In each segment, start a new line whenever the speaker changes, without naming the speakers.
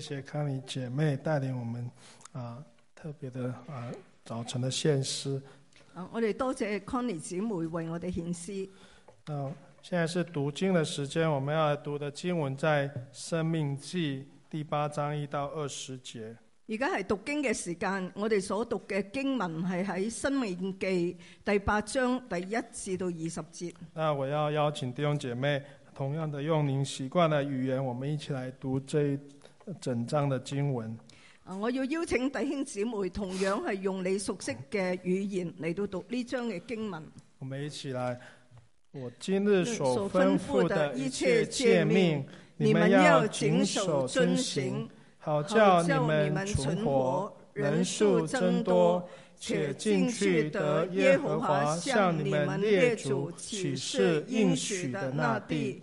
謝謝康妮姐妹帶領我們，啊，特別的啊，早晨的獻詩。
我哋多謝康妮姐妹為我哋獻詩。現在是
讀經的時間，我們要讀的經文在《申命記》第八章一到二十節。
而家係讀經嘅時間，我哋所讀嘅經文係喺《申命記》第八章第一至到二十節。
那我要邀請弟兄姐妹，同樣的用您習慣嘅語言，我們一起來讀這。整章的經文。
啊，我要邀請弟兄姊妹同樣係用你熟悉嘅語言嚟到讀呢章嘅經文。
我們一起來。我今日所吩咐的一切誡命，你們要謹守遵行，遵行好叫你們存活，人數增多，且進去得耶和華向你們列祖起誓應許的那地。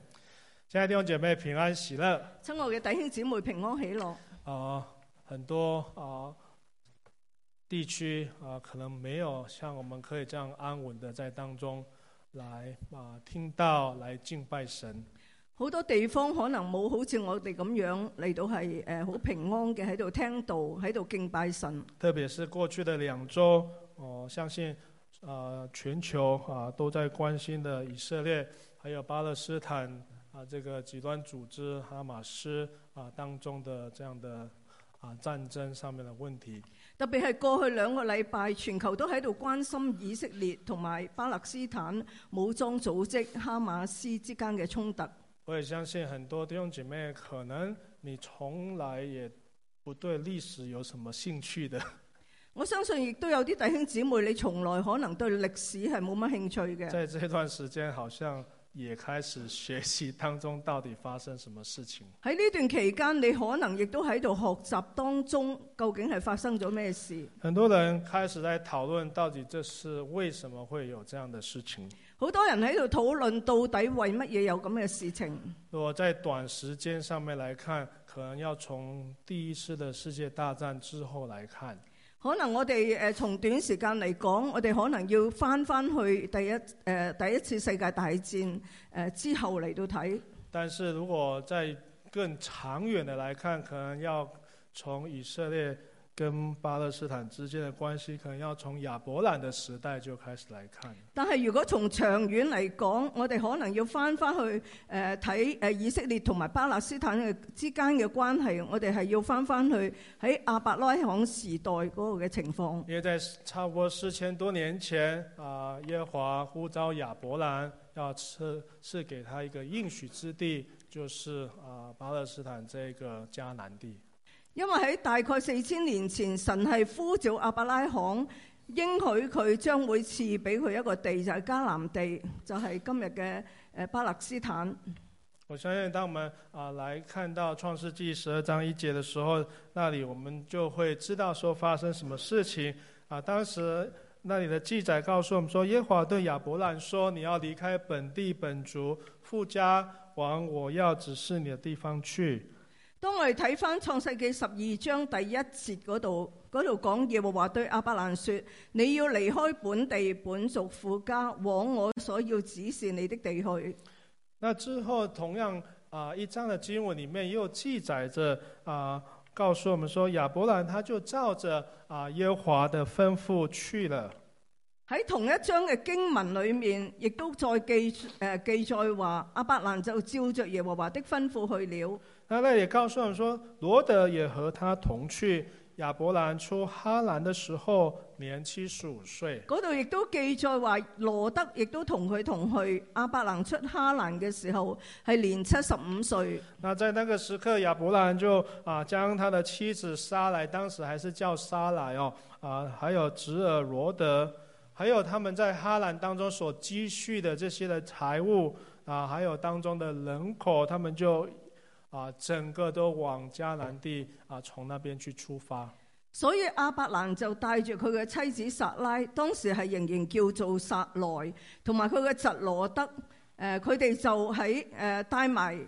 親愛的兄姐妹，平安喜樂。
親愛的弟兄姊妹，平安喜樂。
啊，很多啊地區啊，可能沒有像我們可以這樣安穩的在當中來啊聽到來敬拜神。
好多地方可能冇好似我哋咁樣嚟到係誒好平安嘅喺度聽道、喺度敬拜神。
特別是過去的兩周，我、啊、相信啊全球啊都在關心的以色列，還有巴勒斯坦。啊，這個極端組織哈馬斯啊當中的這樣的啊戰爭上面的問題，
特別係過去兩個禮拜，全球都喺度關心以色列同埋巴勒斯坦武裝組織哈馬斯之間嘅衝突。
我也相信很多弟兄姊妹可能你從來也不對歷史有什麼興趣的。
我相信亦都有啲弟兄姊妹你從來可能對歷史係冇乜興趣嘅。即係這
段時間，好像。也開始學習當中到底發生什麼事情。
喺呢段期間，你可能亦都喺度學習當中，究竟係發生咗咩事？
很多人開始在討論到底這是為什麼會有這樣的事情。
好多人喺度討論到底為乜嘢有咁嘅事情。
我在短時間上面來看，可能要從第一次的世界大戰之後來看。
可能我哋誒從短時間嚟講，我哋可能要返返去第一、呃、第一次世界大戰、呃、之後嚟到睇。
但是如果在更長遠嘅來看，可能要從以色列跟巴勒斯坦之間的關係，可能要從亞伯蘭的時代就開始來看。
但係如果從長遠嚟講，我哋可能要翻翻去誒睇誒以色列同埋巴勒斯坦嘅之間嘅關係，我哋係要翻翻去喺亞伯拉罕時代嗰度嘅情況。
約在差唔多四千多年前，啊耶和華呼召亞伯蘭，要賜賜給他一個應許之地，就是啊巴勒斯坦這個迦南地。
因為喺大概四千年前，神係呼召亞伯拉罕，應許佢將會賜俾佢一個地，就係、是、迦南地，就係、是、今日嘅誒巴勒斯坦。
我相信當我們啊來看到創世記十二章一節的時候，那裡我們就會知道說發生什麼事情。啊，當時那裡的記載告訴我們說，耶和華對亞伯蘭說：你要離開本地本族，父家往我要指示你的地方去。
當我哋睇翻創世紀十二章第一節嗰度，嗰度講耶和華對亞伯蘭說：你要離開本地本族父家，往我所要指示你的地去。那之後同樣
啊，一章嘅經文裏面又記載着啊，告訴我們說亞伯蘭他就照着啊耶和華的吩咐去了。
喺同一章嘅經文裏面，亦都再記誒、呃、記載話，亞伯蘭就照着耶和華的吩咐去了。
他那也告訴我們說，羅德也和他同去，亞伯蘭出哈蘭的時候，年七十五歲。
嗰度亦都記載話，羅德亦都同佢同去，亞伯蘭出哈蘭嘅時候，係年七十五歲。那在
那個時刻，亞伯蘭就啊，將他的妻子莎萊，當時還是叫莎萊哦，啊，還有侄兒羅德，還有他們在哈蘭當中所積蓄的這些的財物啊，還有當中的人口，他們就。啊！整個都往迦南地啊，從那邊去出發。
所以阿伯蘭就帶住佢嘅妻子撒拉，當時係仍然叫做撒萊，同埋佢嘅侄羅德，誒、呃，佢哋就喺誒、呃、帶埋誒、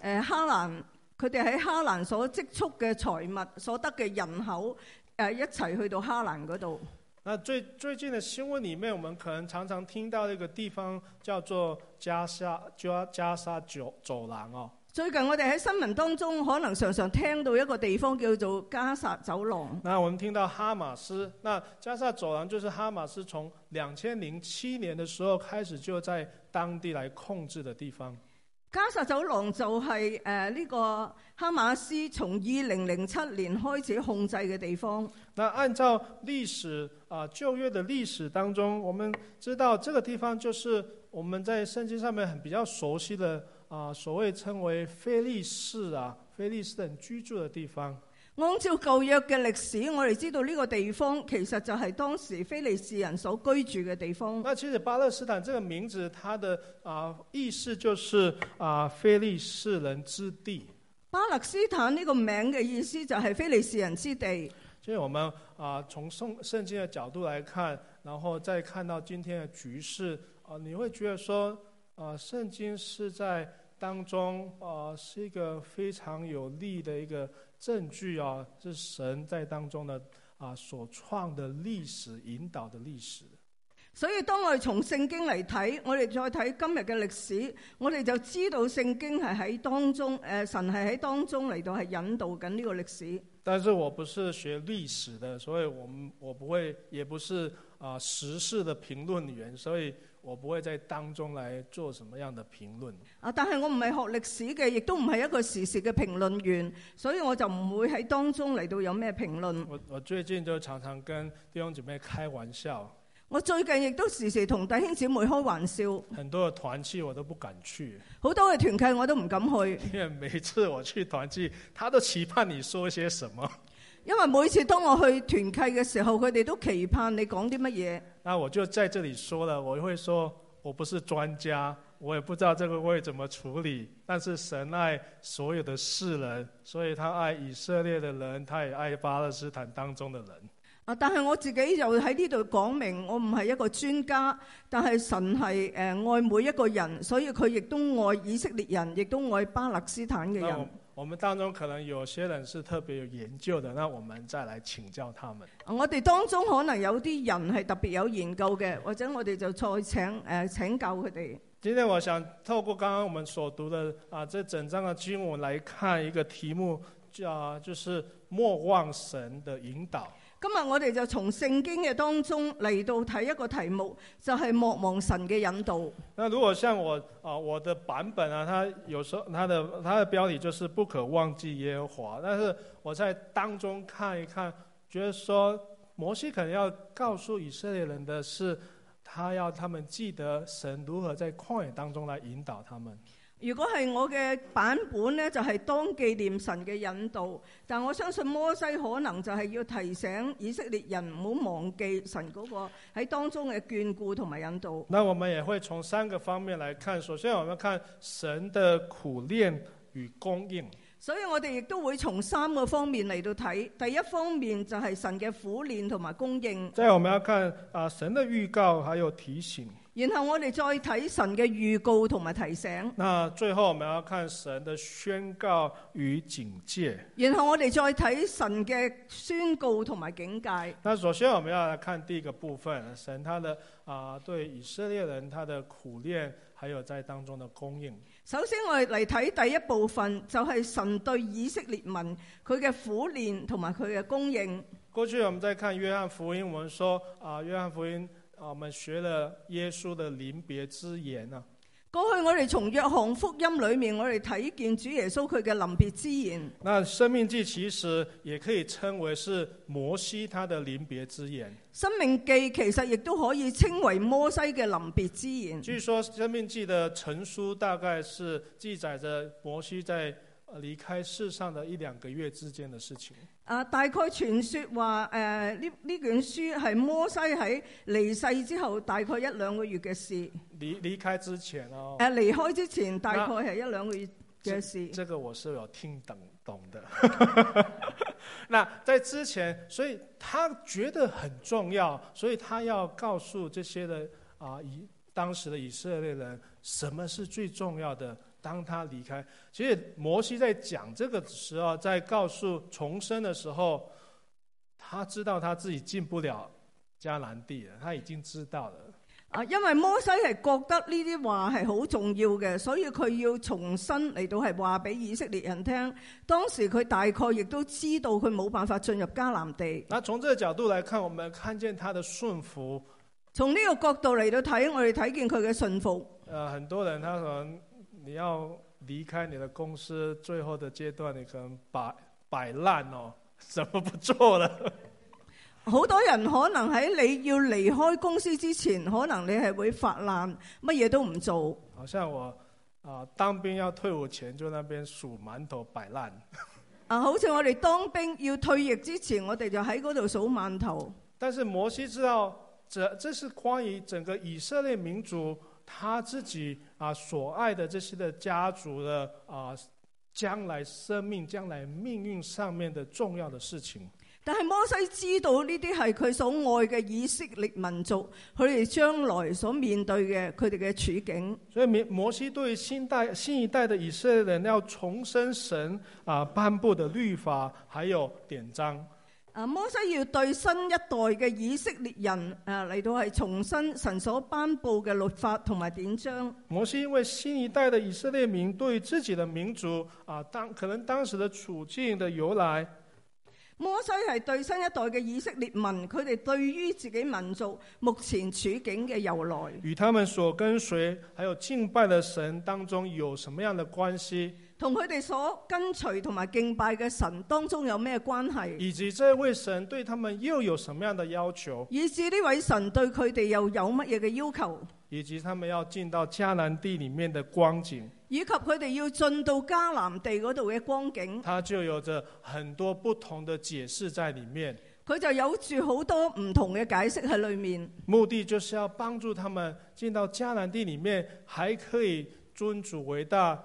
呃、哈蘭，佢哋喺哈蘭所積蓄嘅財物所得嘅人口誒、呃、一齊去到哈蘭嗰度。那最最近嘅新
聞裏面，我們可能常常聽到一個地方叫做加沙，叫加、加沙走走廊哦。
最近我哋喺新聞當中，可能常常聽到一個地方叫做加薩走廊。
那我們聽到哈馬斯，那加薩走廊就是哈馬斯從兩千零七年的時候開始就在當地來控制的地方。
加薩走廊就係誒呢個哈馬斯從二零零七年開始控制嘅地方。那
按照歷史啊，舊約嘅歷史當中，我們知道這個地方就是我們在聖經上面很比較熟悉的。啊，所謂稱為非利士啊，非利士人居住的地方。
按照舊約嘅歷史，我哋知道呢個地方其實就係當時非利士人所居住嘅地方。那其實巴勒斯坦這個名字，它的啊意思就是
啊非利士人之地。
巴勒斯坦呢個名嘅意思就係非利士人之地。
即係我們啊從聖聖經嘅角度來看，然後再看到今天的局勢，啊你會覺得說，啊，聖經是在。當中啊、呃，是一個非常有利的一個證據啊，是神在當中的啊、呃、所創的歷史，引導的歷史。
所以當我哋從聖經嚟睇，我哋再睇今日嘅歷史，我哋就知道聖經係喺當中，誒、呃、神係喺當中嚟到係引導緊呢個歷史。
但是我不是學歷史的，所以我我不會，也不是啊、呃、時事的評論員，所以。我不會在當中嚟做什麼樣的評論
啊。但係我唔係學歷史嘅，亦都唔係一個時時嘅評論員，所以我就唔會喺當中嚟到有咩評論。
我我最近就常常跟弟兄姐妹開玩笑，
我最近亦都時時同弟兄姊妹開玩笑。很多嘅
團契我都不敢去，好多
嘅團契我都唔敢去，
因為每次我去團契，他都期盼你說一些什麼。
因為每次當我去團契嘅時候，佢哋都期盼你講啲乜嘢。
那我就在這裏說了，我會說我不是專家，我也不知道這個會怎麼處理。但是神愛所有的世人，所以他愛以色列的人，他也愛巴勒斯坦當中的人。
啊，但係我自己又喺呢度講明，我唔係一個專家。但係神係誒、呃、愛每一個人，所以佢亦都愛以色列人，亦都愛巴勒斯坦嘅人。
我們當中可能有些人是特別有研究的，那我們再來請教他們。
我哋當中可能有啲人係特別有研究嘅，或者我哋就再請誒、呃、請教佢哋。
今天我想透過剛剛我們所讀的啊，這整章嘅經文來看一個題目，叫、啊、就是莫忘神的引導。
今日我哋就從聖經嘅當中嚟到睇一個題目，就係、是、莫忘神嘅引導。
那如果像我啊、呃，我的版本啊，它有時候它的它的標題就是不可忘記耶和華。但是我在當中看一看，覺得說摩西肯定要告訴以色列人的是，他要他們記得神如何在曠野當中來引導他們。
如果係我嘅版本呢，就係、是、當紀念神嘅引導。但我相信摩西可能就係要提醒以色列人唔好忘記神嗰個喺當中嘅眷顧同埋引導。
那我們也會從三個方面來看，首先我們看神的苦練與供應。
所以我哋亦都會從三個方面嚟到睇。第一方面就係神嘅苦練同埋供應。即係
我們要看啊神嘅預告還有提醒。
然後我哋再睇神嘅預告同埋提醒。
那最後我們要看神的宣告與警戒。
然後我哋再睇神嘅宣告同埋警戒。
那首先我們要來看第一個部分，神他的啊對以色列人他的苦練，還有在當中的供應。
首先我哋嚟睇第一部分，就係神對以色列民佢嘅苦練同埋佢嘅供應。
過去我們再看約翰福音，我們說啊，約翰福音。我們學了耶穌的臨別之言啊！
過去我哋從約翰福音裏面，我哋睇見主耶穌佢嘅臨別之言。
那《申命記》其實也可以稱為是摩西他的臨別之言。
《申命記》其實亦都可以稱為摩西嘅臨別之言。據說
《申命記》的成書大概是記載着摩西在離開世上的一兩個月之間的事情。
啊，大概傳説話，誒呢呢卷書係摩西喺離世之後大概一兩個月嘅事。離離開之前
哦。誒、啊、離開之前，大概
係一兩個月嘅
事，啊這。這個我是有聽懂懂的。 那在之前，所以他覺得很重要，所以他要告訴這些的啊以當時的以色列人，什麼是最重要的？當他離開，其實摩西在講這個時候，在告訴重生的時候，他知道他自己進不了迦南地，他已經知
道了。啊，因為摩西係覺得呢啲話係好重要嘅，所以佢要重新嚟到係話俾以色列人聽。當時佢大概亦都知道佢冇辦法進入迦南地。
那從這個角度來看，我們看見他的順服。
從呢個角度嚟到睇，我哋睇見佢嘅順服。
啊，很多人他講。你要離開你的公司，最後的階段你可能擺擺爛哦，怎麼不做了？
好多人可能喺你要離開公司之前，可能你係會發爛，乜嘢都唔做。好像我啊，呃，當兵要退伍前，就那
邊數饅頭擺爛。
啊，好似我哋當兵要退役之前，我哋就喺嗰度數饅頭。但是摩西知道，這這是
關於整個以色列民族。他自己啊所愛的這些的家族的啊將來生命將來命運上面的重要的事
情，但係摩西知道呢啲係佢所愛嘅以色列民族佢哋將來所面對嘅佢哋嘅處境，所以摩西對新代新一
代嘅以色列人要重申神啊頒布的律法還有典章。
嗱，摩西要對新一代嘅以色列人，誒嚟到係重申神所頒布嘅律法同埋典章。摩西因為新一代嘅以色列民對自己嘅民族，啊當可能當時嘅處境嘅由來。摩西係對新一代嘅以色列民，佢哋對於自己民族目前處境嘅由來。
與他們所跟隨還有敬拜的神當中有什麼樣的關係？
同佢哋所跟隨同埋敬拜嘅神當中有咩關係？
以及這位神對他們又有什麼樣的要求？
以至呢位神對佢哋又有乜嘢嘅要求？
以及他們要進到迦南地裏面的光景？
以及佢哋要進到迦南地嗰度嘅光景？
它就有着很多不同的解釋在裏面。
佢就有住好多唔同嘅解釋喺裏面。目
的就是要幫助他們進到迦南地裏面，還可以尊主為大。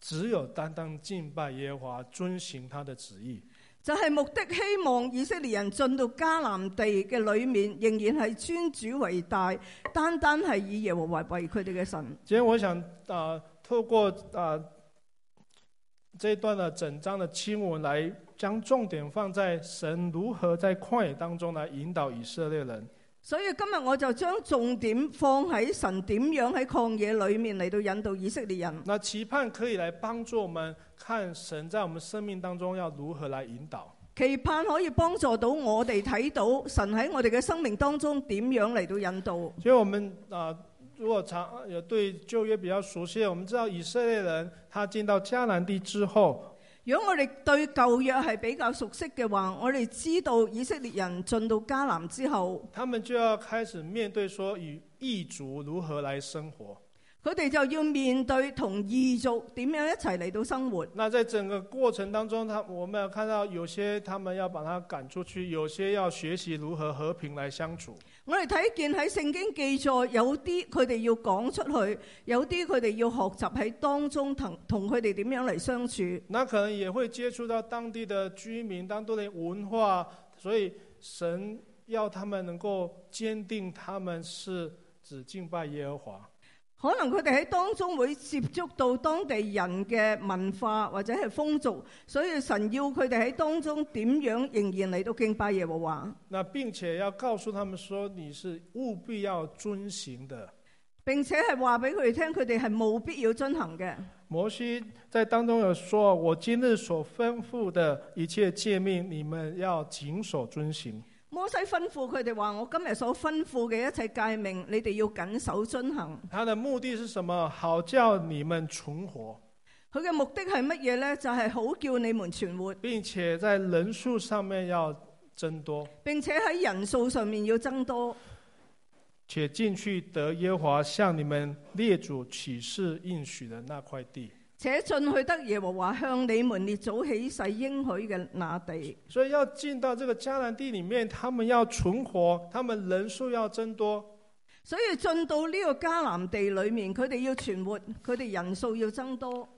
只有單單敬拜耶和華，遵循他的旨意，
就係目的，希望以色列人進到迦南地嘅裏面，仍然係尊主為大，單單係以耶和華為佢哋嘅神。今天我想啊、呃，透過啊、
呃、這段整的整章嘅經文，來將重點放在神如何在曠野當中來引導以色列人。
所以今日我就將重點放喺神點樣喺曠野裏面嚟到引導以色列人。那期盼
可以來幫助我們看神在我們生命當中要如何來引導。
期盼可以幫助到我哋睇到神喺我哋嘅生命當中點樣嚟到引導。所以我們
啊、呃，如果常對舊約比較熟悉，我們知道以色列人他進到迦南地之後。
如果我哋對舊約係比較熟悉嘅話，我哋知道以色列人進到迦南之後，
他們就要開始面對說與異族如何來生活。
佢哋就要面對同異族
點樣一齊嚟到生活。那在整個過程當中，他我們要看到有些他們要把他趕出去，有些要學習如何和平來相處。
我哋睇見喺聖經記載，有啲佢哋要講出去，有啲佢哋要學習喺當中同同佢哋點樣嚟相處，
那可能也會接觸到當地的居民，當地的文化，所以神要他們能夠堅定，他們是指敬拜耶和華。
可能佢哋喺當中會接觸到當地人嘅文化或者係風俗，所以神要佢哋喺當中點樣仍然嚟到敬拜耶和華。
那並且要告訴他們說，你是務必要遵行的，
並且係話俾佢哋聽，佢哋係冇必要遵行嘅。行
的摩西在當中有說：我今日所吩咐的一切誡命，你們要謹守遵行。
摩西吩咐佢哋話：我今日所吩咐嘅一切誡命，你哋要謹守遵行。他的目的是什麼？好叫你們存活。佢嘅目的係乜嘢咧？就係、是、好叫你們存活，並且在人數上面要增多，並且喺人數上面要增多，
且進去得耶和華向你們列祖起誓應許的那塊地。
且進去得耶和華向你們列祖起誓應許嘅那地。所以要進到這個迦南地裏面，他們要存活，他們人數要增多。所以進到呢個迦南地裏面，佢哋要存活，佢哋人數要增多。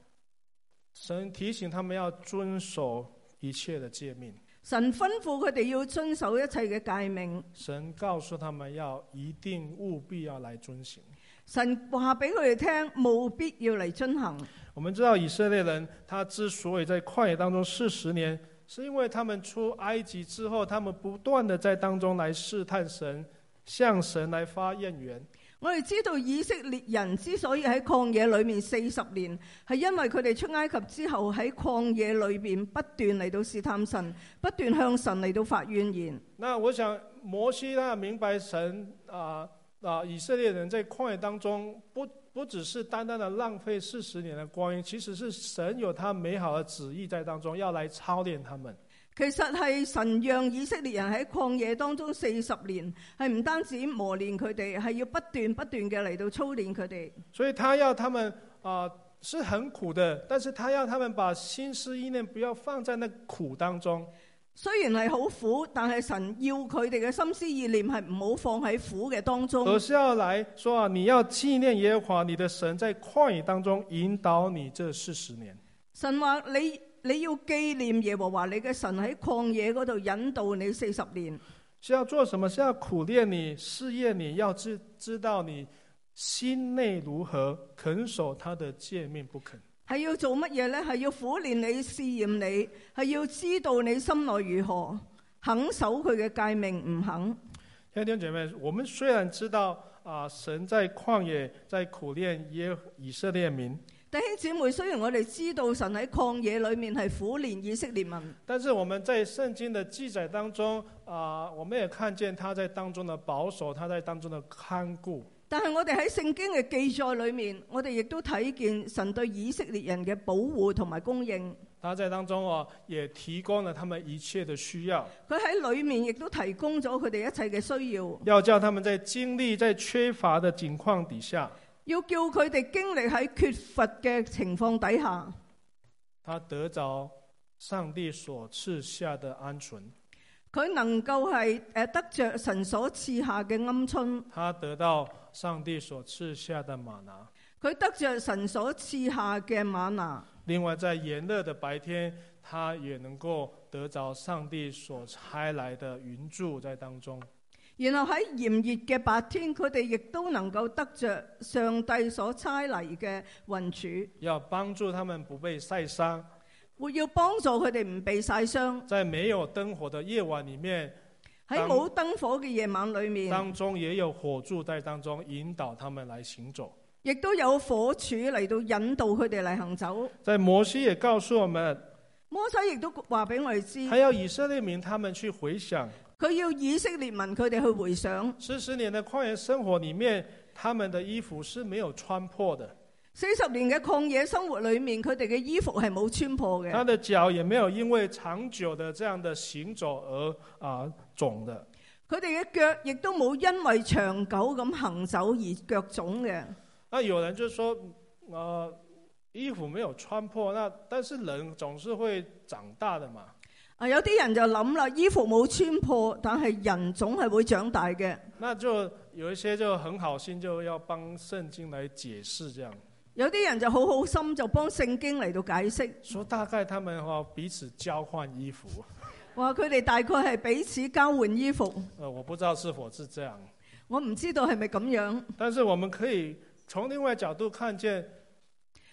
神提醒他們要遵守一切嘅誡命。
神吩咐佢哋要遵守一切嘅誡命。
神告訴他們要一定務必要來遵行。
神話俾佢哋聽，務必要嚟遵行。神我們知道以色列
人，他之所以在曠野當中四十年，
是因為他們出埃
及之後，他們不斷地在當中來試探神，向神來發怨言，
言。我哋知道以色列人之所以喺曠野裏面四十年，係因為佢哋出埃及之後喺曠野裏面不斷嚟到試探神，不斷向神嚟到發怨言。
那我想摩西呢明白神啊。呃啊！以色列人在曠野當中不，不不只是單單的浪費四十年的光陰，其實是神有他美好的旨意在當中，要來操練他們。
其實係神讓以色列人喺曠野當中四十年，係唔單止磨練佢哋，係要不斷不斷嘅嚟到操練佢哋。
所以，他要他們啊、呃，是很苦的，
但是他要他們把心思意念不要放在那苦當中。雖然係好苦，但係神要佢哋嘅心思意念係唔好放喺苦嘅當中。而是
要來說啊，你要紀念耶和華你的神，在曠野當中引導你這四十年。
神話你，你要紀念耶和華，你嘅神喺曠野嗰度引導你四十年。
是要做什麼？是要苦練你、試驗你，要知知道你心內如何，肯守他的誡命，不肯。
係要做乜嘢咧？係要苦練你、試驗你，係要知道你心內如何，肯守佢嘅誡命唔肯。
弟兄姐妹，我們雖然知道啊，神在曠野在苦練耶以色列民。
弟兄姊妹，雖然我哋知道神喺曠野裏面係苦練以色列民，面是列
民，但是我們在聖經的記載當中啊，我們也看見他在當中的保守，他在當中的看顧。
但係我哋喺聖經嘅記載裏面，我哋亦都睇見神對以色列人嘅保護同埋供應。
他在當中哦，也提供了他們一切嘅需要。
佢喺裏面亦都提供咗佢哋一切嘅需要。
要叫他們在經歷在缺乏嘅情況底下，
要叫佢哋經歷喺缺乏嘅情況底下。
他得着上帝所賜下的鵪鶉。
佢能夠係誒得着神所賜下嘅鵪鶉。
他得到。上帝所賜下的瑪拿，
佢得着神所賜下嘅瑪拿。
另外，在炎熱的白天，他也能夠得着上帝所差來的雲柱在當中。
然後喺炎熱嘅白天，佢哋亦都能夠得着上帝所差嚟嘅雲柱，
要幫助他們不被曬傷。我要幫助佢哋唔被曬傷。在沒有燈火的夜晚裏面，
喺冇燈火嘅夜晚裏面，當，當
中也有火柱在當中引導他們來行走，
亦都有火柱嚟到引導佢哋嚟行走。
在摩西也告訴我們，
摩西亦都話俾我哋知，要以
色列民他們去回想，
佢要以色列民佢哋去回想。四十年的曠野生活裏
面，他們的衣服是沒有穿破的。
四十年嘅曠野生活裏面，佢哋嘅衣服係冇穿破嘅。他的
腳也沒有因為長久的這樣的行走而啊。腫的，
佢哋嘅腳亦都冇因為長久咁行走而腳腫嘅。
啊，有人就說，啊、呃，衣服沒有穿破，那但是人總是會長大的嘛。
啊，有啲人就諗啦，衣服冇穿破，但係人總係會長大嘅。
那就有一些就很好心，就要幫聖經來解釋，這樣。
有啲人就好好心，就幫聖經嚟到解釋。所以大概他們話彼此交換衣服。話佢哋大概係彼此交換衣服。
誒、呃，我不知道是否是這樣。
我唔知道係咪咁樣。但是我們可以從另外角度看見。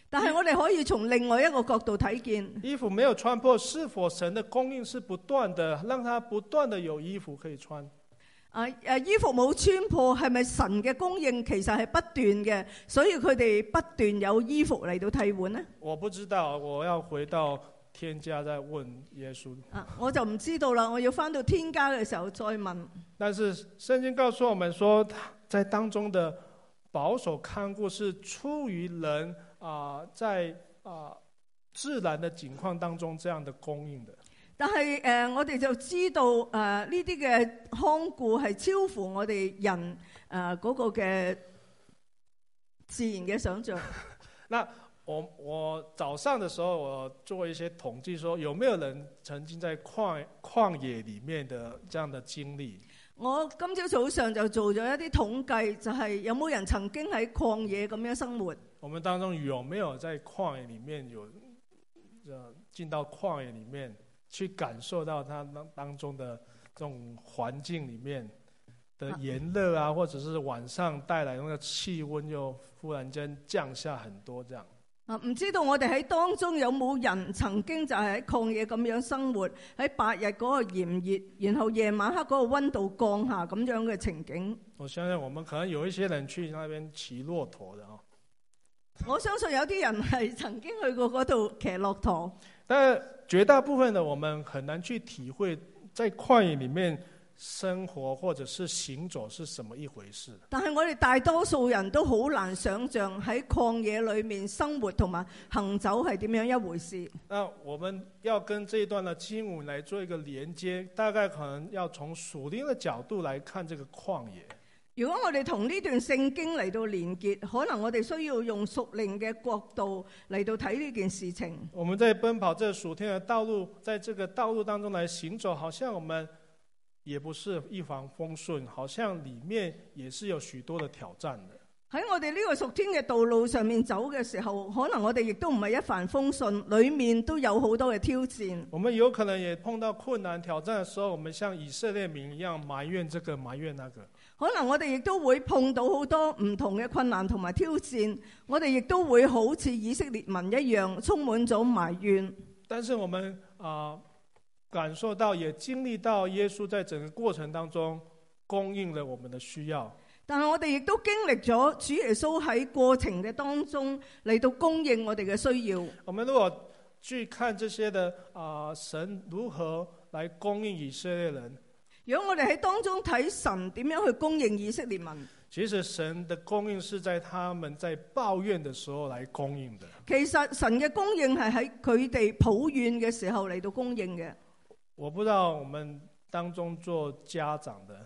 但係我哋可以從另外一個角度睇見。衣服沒有穿破，是否神的供應是不斷的，讓
它不斷的有衣服可以穿？誒誒、啊啊，衣服冇穿破，係咪神嘅供應其實係不斷嘅？所以佢哋不斷有衣服嚟到替換呢？
我不知道，我要回到天家再問耶穌，
啊，我就唔知道啦，我要翻到天家嘅時候再問。但是聖經告訴我們說，在當中
的保守看顧是出於人啊、呃，在啊、呃、自然的境況當中這樣的供應的，
但係誒、呃，我哋就知道誒，呢啲嘅看顧係超乎我哋人誒嗰、呃那個嘅自然嘅想象。
嗱。 我我早上的時候，我做一些統計，說有沒有人曾經在曠曠野裏面的這樣的經歷？
我今朝早上就做咗一啲統計，就係有冇人曾經喺曠野咁樣生活？
我們當中有沒有在曠野裏面有，進到曠野裏面去感受到它當當中的這種環境裏面的炎熱啊，或者是晚上帶來那個氣溫又忽然間降下很多這樣？
啊，唔知道我哋喺當中有冇人曾經就係喺曠野咁樣生活，喺白日嗰個炎熱，然後夜晚黑嗰個温度降下咁樣嘅情景。
我相信我們可能有一些人去那邊騎駱駝的，
我相信有啲人係曾經去過嗰度騎駱駝。
但係絕大部分的我們很難去體會，在曠野裏面。生活或者是行走是什麼一回事？
但係我哋大多數人都好難想象喺曠野裏面生活同埋行走係點樣一回事。
那我們要跟這一段的經文嚟做一個連接，大概可能要從屬靈的角度來看這個曠野。
如果我哋同呢段聖經嚟到連結，可能我哋需要用屬靈嘅角度嚟到睇呢件事情。
我們在奔跑，這屬天嘅道路，在這個道路當中嚟行走，好像我們。也不是一帆風順，好像裏面也是有許多的挑戰的。
喺我哋呢個屬天嘅道路上面走嘅時候，可能我哋亦都唔係一帆風順，裏面都有好多嘅挑戰。
我們有可能也碰到困難挑戰嘅時候，我們像以色列民一樣埋怨這個，埋怨那個。
可能我哋亦都會碰到好多唔同嘅困難同埋挑戰，我哋亦都會好似以色列民一樣充滿咗埋怨。
但是我們啊。呃感受到也經歷到耶穌在整個過程當中供應了我們的需要，
但係我哋亦都經歷咗主耶穌喺過程嘅當中嚟到供應我哋嘅需要。我們如果去看這些的啊、呃、神如何來供應以色列人，如果我哋喺當中睇神點樣去供應以色列民，
其實神的供應是在他們在抱怨的時候嚟供應的。
其實神嘅供應係喺佢哋抱怨嘅時候嚟到供應嘅。
我不知道我們
當中做家長的，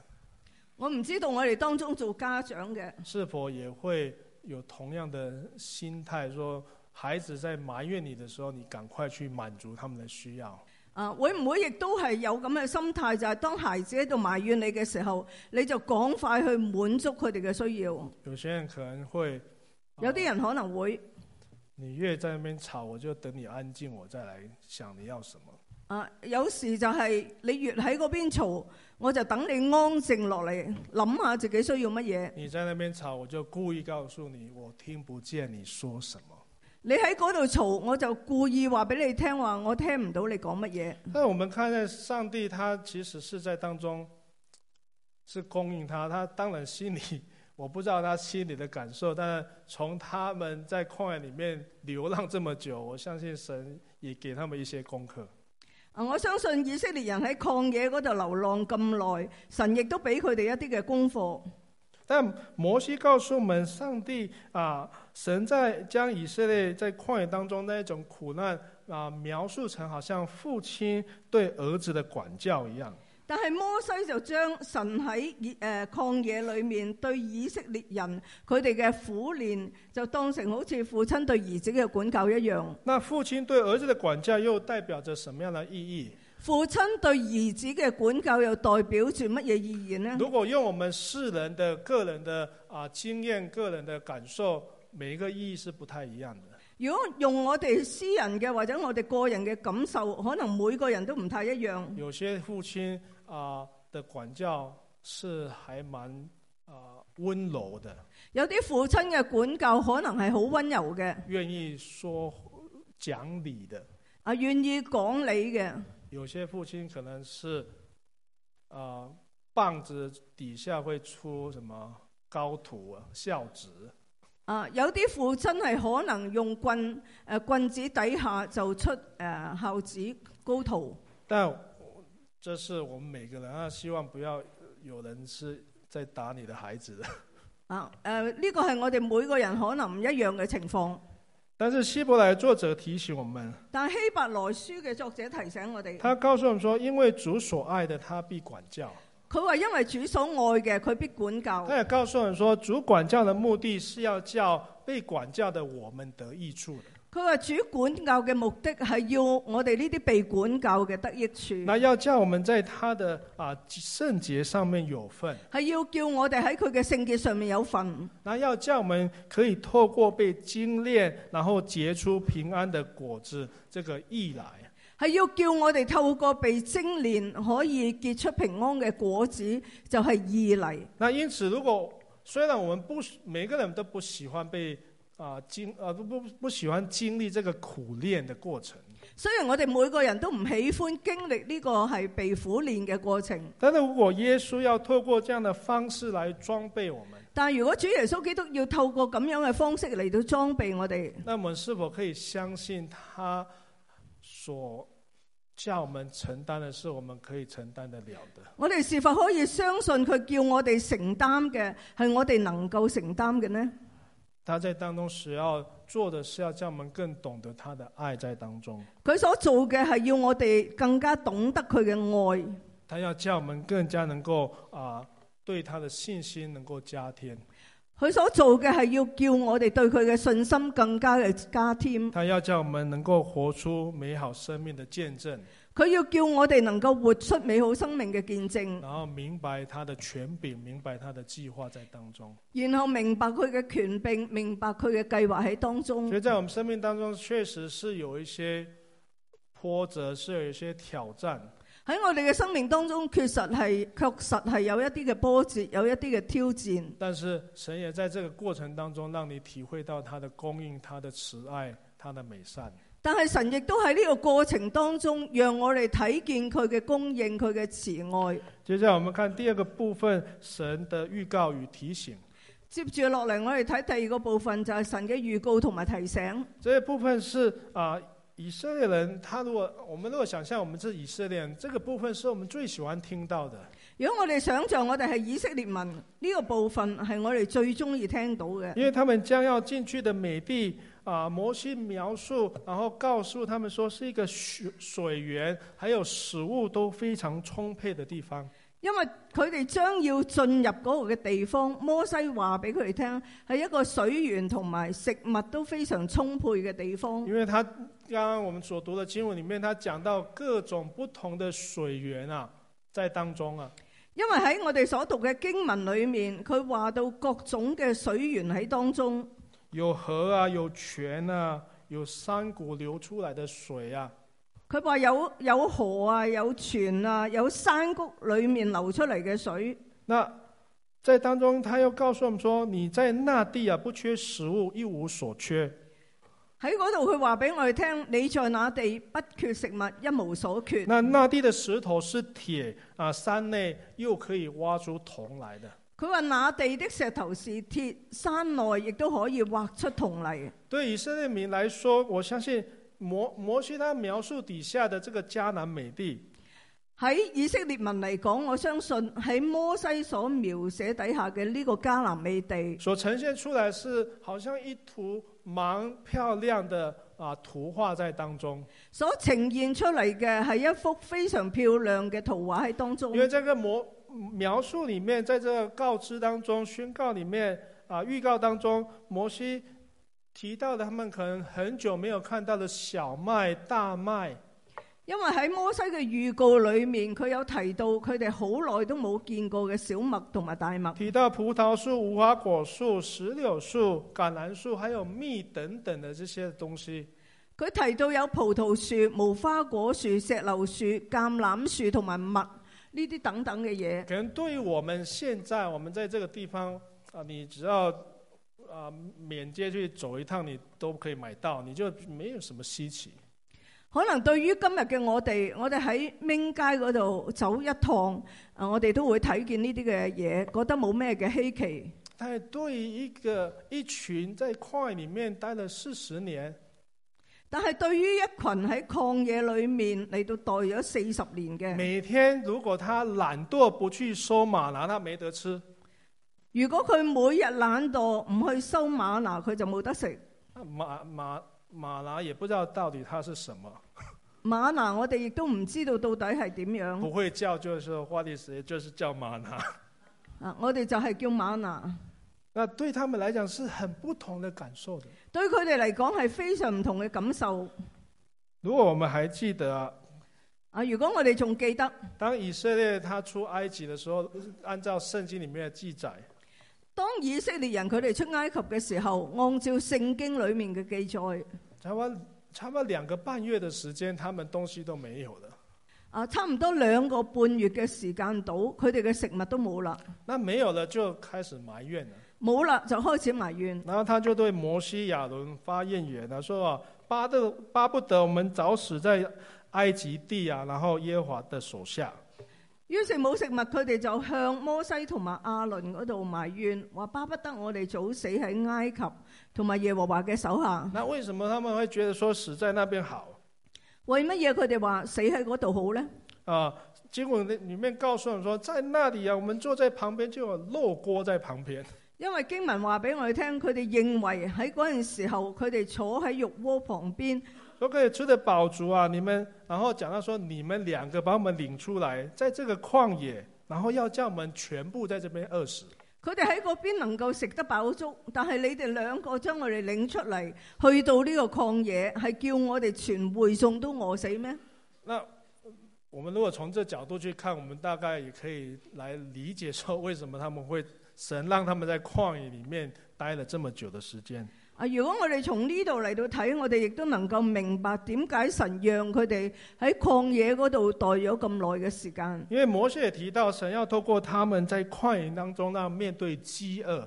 我唔知道我哋當中做家長嘅
是否也會有同樣的心態，說孩子在埋怨
你的時候，你趕快去滿足他們的需要。啊，會唔會亦都係有咁嘅心態，就係、是、當孩子喺度埋怨你嘅時候，你就趕快去滿足佢哋嘅需要。
有些人可能會，
啊、有啲人可能會，
你越在那邊吵，我就等你安靜，我再來想你要什麼。
有時就係你越喺嗰邊嘈，我就等你安靜落嚟，諗下自己需要乜嘢。
你在那邊嘈，我就故意告訴你，我聽唔見你說什麼。
你喺嗰度嘈，我就故意話俾你聽，話我聽唔到你講乜嘢。但我們看到上帝，他其
實是在當中是供應他，他當然心裏，我不知道他心裏的感受，但從他們在曠野裏面流浪這麼久，我相信神也給他們一些功課。
我相信以色列人喺曠野度流浪咁耐，神亦都俾佢哋一啲嘅功課。但摩西告訴我們，
上帝啊，神在將以色列在曠野當中那一種苦難啊，描述成好像父親對兒子的管教一樣。
但係摩西就將神喺誒曠野裏面對以色列人佢哋嘅苦練就當成好似父親對兒子嘅管教一樣。那
父親對兒子嘅管教又代表着什麼樣的意義？父親對兒子
嘅管教又代表住乜嘢意義呢？如
果用我們私人的個人的啊經驗、個人的感受，每一個意義是不太一樣的。
如果用我哋私人嘅或者我哋個人嘅感受，可能每個人都唔太一樣。有些父
親。啊的管教是還蠻啊溫柔的，
有啲父親嘅管教可能係好溫柔嘅，
願意說講理的
啊，願意講理嘅。
有些父親可能是啊棒子底下會出什麼高徒啊、孝
子啊，有啲父親係可能用棍誒、啊、棍子底下就出誒、啊、孝子高徒。
但。這是我們每個人啊，希望不要有人是在打你的孩子的
啊，誒、呃、呢、這個係我哋每個人可能唔一樣嘅情況。
但是希伯來作者提醒我們。
但希伯來書嘅作者提醒我哋。他
告訴我們說，因為主所愛的，他必管教。
佢話因為主所愛嘅，佢必管教。佢
也告訴我們說，主管教的目的是要叫被管教的我們得益處。
佢話主管教嘅目的係要我哋呢啲被管教嘅得益處。那
要叫我們在他的啊聖潔上面有份。
係要叫我哋喺佢嘅聖潔上面有份。
那要叫我們可以透過被精煉，然後結出平安的果子，這個義來。
係要叫我哋透過被精煉，可以結出平安嘅果子，就係義嚟。嗱，因此，如果雖然我們不
每個人都不喜歡被。啊經啊不不不喜歡經歷這個苦練的過程。
雖然我哋每個人都唔喜歡經歷呢個係被苦練嘅過程。但係如果耶穌要透過這樣的方式來裝備我們。但係如果主耶穌基督要透過咁樣嘅方式嚟到裝備我哋，
那我們是否可以相信他所叫我們承擔嘅係，我們可以承擔得了
的？我哋是否可以相信佢叫我哋承擔嘅係我哋能夠承擔嘅呢？
他在當中是要做的是要叫我們更懂得他的愛。在當中，
佢所做嘅係要我哋更加懂得佢嘅愛。
他要叫我們更加能夠啊，對他的信心能夠加添。
佢所做嘅係要叫我哋對佢嘅信心更加嘅加添。他要叫我們
能夠活出美好生命的見證。
佢要叫我哋能夠活出美好生命嘅見證，
然後明白他的權柄，明白他的計劃在當中。
然後明白佢嘅權柄，明白佢嘅計劃喺當中。所以在
我們生命當中，確實是有一些波折，是有一些挑戰。
喺我哋嘅生命當中，確是，確實係確實係有一啲嘅波折，有一啲嘅挑戰。
但是神也在這個過程當中，讓你體會到他的供應、他的慈愛、他的美善。
但係神亦都喺呢個過程當中，讓我哋睇見佢嘅供應，佢嘅慈愛。接下來我們看第二個部分，神的預告與提醒。接住落嚟，我哋睇第二個部分就係神嘅預告同埋提醒。這一部分是啊、呃，
以色列人，他如果我們如果想象我們是以色列人，人這個部分是我們最喜歡聽到的。
如果我哋想象我哋係以色列民，呢、這個部分係我哋最中意聽到嘅。因為
他們將要進去的美地啊！摩西描述，然後告訴他們說，是一個水水源，還有食物都非常充沛的
地方。因為佢哋將要進入嗰個嘅地方，摩西話俾佢哋聽，係一個水源同埋食物都非常充沛嘅地方。因為他，
剛剛我們所讀的經文裏面，他講到各種不同的水源啊，在當中啊。因為喺我哋
所讀嘅經文裏面，佢話到各種嘅水源喺當中。
有河啊，有泉啊，有山谷流
出來的水啊。佢話有有河啊，有泉啊，有山谷裏面流出嚟嘅水。那
在當中，他又告訴我們說：你在那地啊，不缺食物，一無所缺。
喺嗰度，佢話俾我哋聽：你在那地不缺食物，一無所缺。那
那地的石頭是鐵啊，山內又可以挖出銅來的。
佢話那地的石頭是鐵，山內亦都可以挖出銅嚟。對以色列民來說，我相信摩摩西他描述底下的這個迦南美地，喺以色列文嚟講，我相信喺摩西所描寫底下嘅呢個迦南美地，所呈現出來是好像一幅蠻漂亮的啊圖畫在當中，所呈現出來嘅係一幅非常漂亮嘅圖畫喺當中。因為這個摩描述裏面，在這個告知當中、宣告裏面啊、
預告當中，摩西提到的，他們可能很久沒有看到的小
麥、大麥。因為喺摩西嘅預告裏面，佢有提到佢哋好耐都冇見過嘅小麥同埋大麥。提到葡萄樹、無花果樹、
石榴樹、橄欖樹，還有蜜等等的這些東西。
佢提到有葡萄樹、無花果樹、石榴樹、橄欖樹同埋蜜。呢啲等等嘅嘢，
可能對於我們現在，我們在這個地方，啊，你只要啊，緬街去走一趟，你都可以買到，你就沒有什麼稀奇。
可能對於今日嘅我哋，我哋喺緬街嗰度走一趟，啊，我哋都會睇見呢啲嘅嘢，覺得冇咩嘅稀奇。
但係對於一
個一群在曠野裏面待咗四十年。但係對於一群喺曠野裏面嚟到待咗四十年嘅，每天如果他懶惰，不去收馬拿，他沒得吃。如果佢每日懶惰唔去收馬拿，佢就冇得食。
馬馬馬拿也不知道到底它是什麼。
馬拿我哋亦都唔知道到底係點樣。不
會叫就是花啲時就是叫馬拿。
啊，我哋就係叫馬拿。那對他們來講，是很不同嘅感受的。對佢哋嚟講係非常唔同嘅感受
如、啊啊。如果我們還記得，啊，如果我哋仲記得，當以色列他出埃及的時候，按照聖經裏面嘅記載，
當以色列人佢哋出埃及嘅時候，按照聖經裏面嘅記載，差唔差唔多兩個半月嘅時間，他們東西都沒有了。啊，差唔多兩個半月嘅時間度，佢哋嘅食物都冇啦。那沒有了就開始埋怨啦。冇啦，就
開始埋怨。然後他就對摩西亞倫發言員，啊，說、啊：巴得巴不得我們早死在埃及地啊！然後耶和華的手下。
於是冇食物，佢哋就向摩西同埋亞倫嗰度埋怨，話巴不得我哋早死喺埃及同埋耶和華嘅手下。
那為什麼他們會覺得說死在那邊好？
為乜嘢佢哋話死喺嗰度好咧？啊，經文裏面告訴我說，在那裏啊，我們坐
在旁邊就有肉鍋在旁邊。
因為經文話俾我哋聽，佢哋認為喺嗰陣時候，佢哋坐喺肉鍋旁邊，所以吃得飽足啊！你們，然後講到說，你們兩個把我們領出來，在這個
曠野，然後要將我們全部在這邊餓死。
佢哋喺嗰邊能夠食得飽足，但係你哋兩個將我哋領出嚟，去到呢個曠野，係叫我哋全會眾都餓死咩？
嗱，我們如果從這角度去看，我們大概也可以來理解，說為什麼他們會。神讓他們在曠野裡面待了這麼久的時間。
啊，如果我哋從呢度嚟到睇，我哋亦都能夠明白點解神讓佢哋喺曠野嗰度待咗咁耐嘅時間。因為摩西
也提到，神要透過他們在曠野當中，要面對飢餓。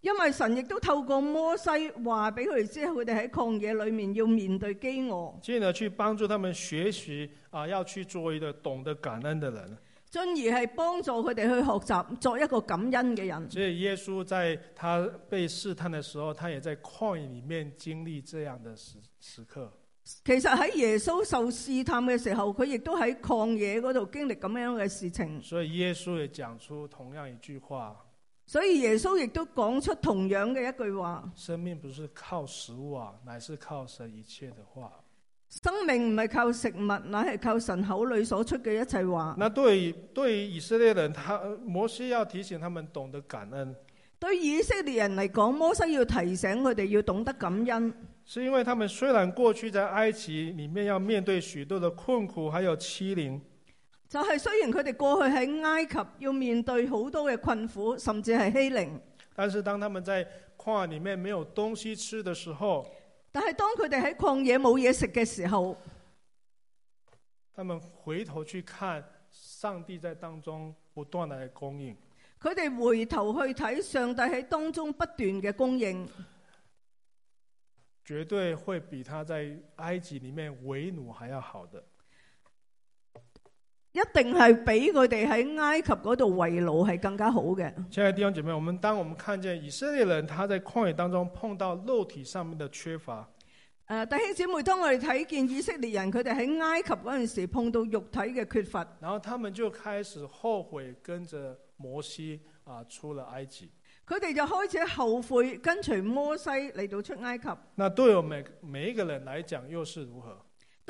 因為神亦都透過摩西話俾佢哋知，佢哋喺曠野裡面要面對飢餓。所
以呢，去幫助他們學習啊，要去做一個懂得感恩嘅人。
進而係幫助佢哋去學習作一個感恩嘅人。
所以耶穌在他被試探的時候，他也在曠野裏面經歷這樣的時時刻。
其實喺耶穌受試探嘅時候，佢亦都喺曠野嗰度經歷咁樣嘅事情。
所以耶穌也講出同樣一句話。
所以耶穌亦都講出同樣嘅一句話：
生命不是靠食物啊，乃是靠神一切的話。
生命唔係靠食物，乃係靠神口裏所出嘅一切話。那對於對
於以色列人，他摩西要提醒他們懂得感恩。
對以色列人嚟講，摩西要提醒佢哋要懂得感恩。
是因為他們雖然過去在埃及裏面要面對許多的困苦，還有欺凌。
就係雖然佢哋過去喺埃及要面對好多嘅困苦，甚至係欺凌。
但是當他們在曠野裏面沒有東西吃的時候。
但係當佢哋喺曠野冇嘢食嘅時候，
他們回頭去看上帝在當中不斷嘅供應。
佢哋回頭去睇上帝喺當中不斷嘅供應，
絕對會比他在埃及裏面為奴還要好的。
一定係比佢哋喺埃及嗰度喂勞係更加好嘅。
親愛的弟兄姐妹，我們當我們看見以色列人，他在曠野當中碰到肉體上面的缺乏。
誒、啊，弟兄姊妹，當我哋睇見以色列人佢哋喺埃及嗰陣時碰到肉體嘅缺乏，然後他們就開始
後悔跟着摩西啊出了埃及。
佢哋就開始後悔跟隨摩西嚟到出埃及。
那對我哋每一個人來講又是如何？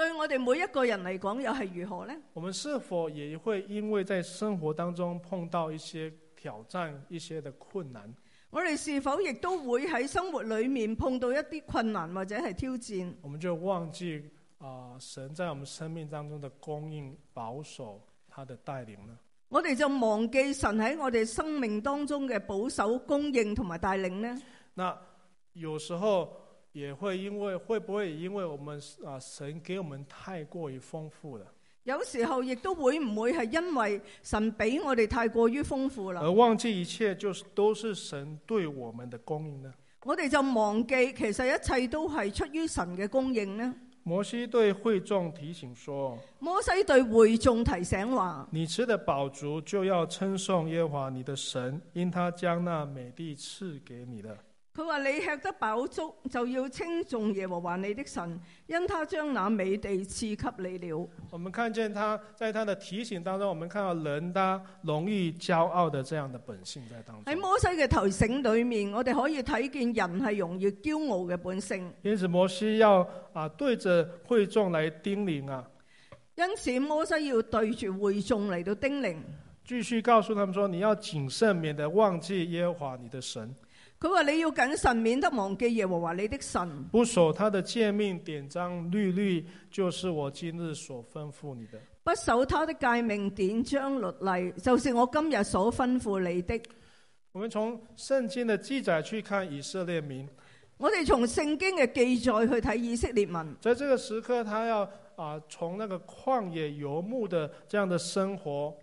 對我哋每一個人嚟講，又係如何呢？
我們是否也會因為在生活當中碰到一些挑戰、一些的困難？
我哋是否亦都會喺生活裏面碰到一啲困難或者係挑戰？我們就忘記啊、
呃，神在我們生命當中的供應、保守、祂的帶領呢？
我哋就忘記神喺我哋生命當中嘅保守、供應同埋帶領呢？
那有時候。也會因為，會不會因為我們啊，神給我們太過於豐富了？
有時候亦都會唔會係因為神俾我哋太過於豐富了，而忘
記一切就是，都是神對我們的供應呢？
我哋就忘記其實一切都係出於神嘅供應呢？
摩西對會眾提醒說：
摩西對會眾提醒話，
你吃的飽足，就要稱頌耶和華你的神，因他將那美地賜給你了。
佢話你吃得飽足，就要稱頌耶和華你的神，因他將那美地賜給你了。我們看見他
在他的提醒當中，我們看到人他容易驕傲的這樣的本性在當
中。喺摩西嘅提醒裏面，我哋可以睇見人係容易驕傲嘅本性。
因此摩西要啊對着會眾嚟叮嚀啊。
因此摩西要對住會眾嚟到叮嚀。
繼續告訴他們說，你要謹慎，免得忘記耶和華你的神。
佢話你要謹慎，免得忘記耶和華你的神。
不守他的誡命、典章、律例，就是我今日所吩咐你的。
不守他的誡命、典章、律例，就是我今日所吩咐你的。
我們從聖經的記載去看以色列民。
我哋從聖經嘅記載去睇以色列民。在這個時刻，
他要啊，從那個曠野游牧的這樣的生活。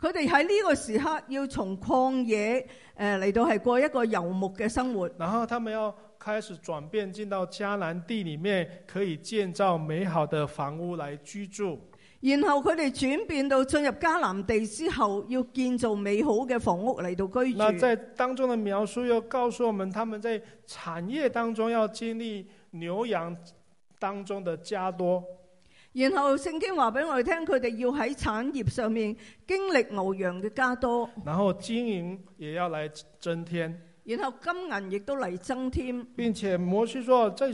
佢哋喺呢個時刻要從曠野誒呃、嚟到係過一個游牧嘅生活。
然後，他們要開始轉變，進到迦南地裡面，可以建造
美好的房屋嚟居住。然後，佢哋轉變到進入迦南地之後，要建造美好嘅房屋嚟到居住。那在當中的描述，又告訴我們，他們在產業當中要經歷牛羊當中的加多。然後聖經話俾我哋聽，佢哋要喺產業上面經歷牛羊嘅加多，
然後金銀也要來增添，
然後金銀亦都嚟增添，並且摩西說，在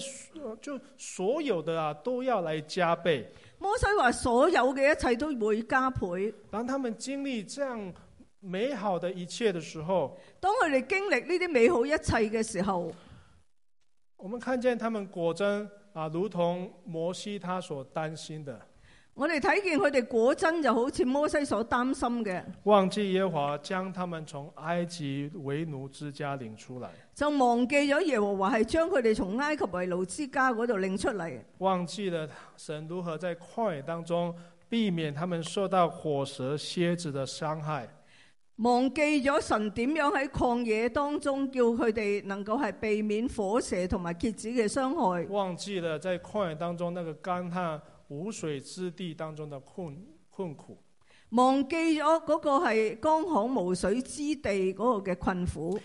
就所有的啊，都要來加倍。摩西話所有嘅一切都會加倍。當他們經歷這樣美好的一切的時候，當佢哋經歷呢啲美好一切嘅時候，
我們看見他們果真。啊，如同摩西他所擔心的，
我哋睇見佢哋果真就好似摩西所擔心嘅，
忘記耶和華將他們從埃及為奴之家領出來，
就忘記咗耶和華係將佢哋從埃及為奴之家嗰度領出來。
忘記了神如何在曠野當中避免他們受到火蛇蠍子的
傷害。忘記咗神點樣喺曠野當中叫佢哋能夠係避免火蛇同埋蠍子嘅傷害。
忘記了在曠野當中那個乾旱無水之地當中的困困苦，
忘記咗嗰個係乾旱無水之地嗰個嘅困苦。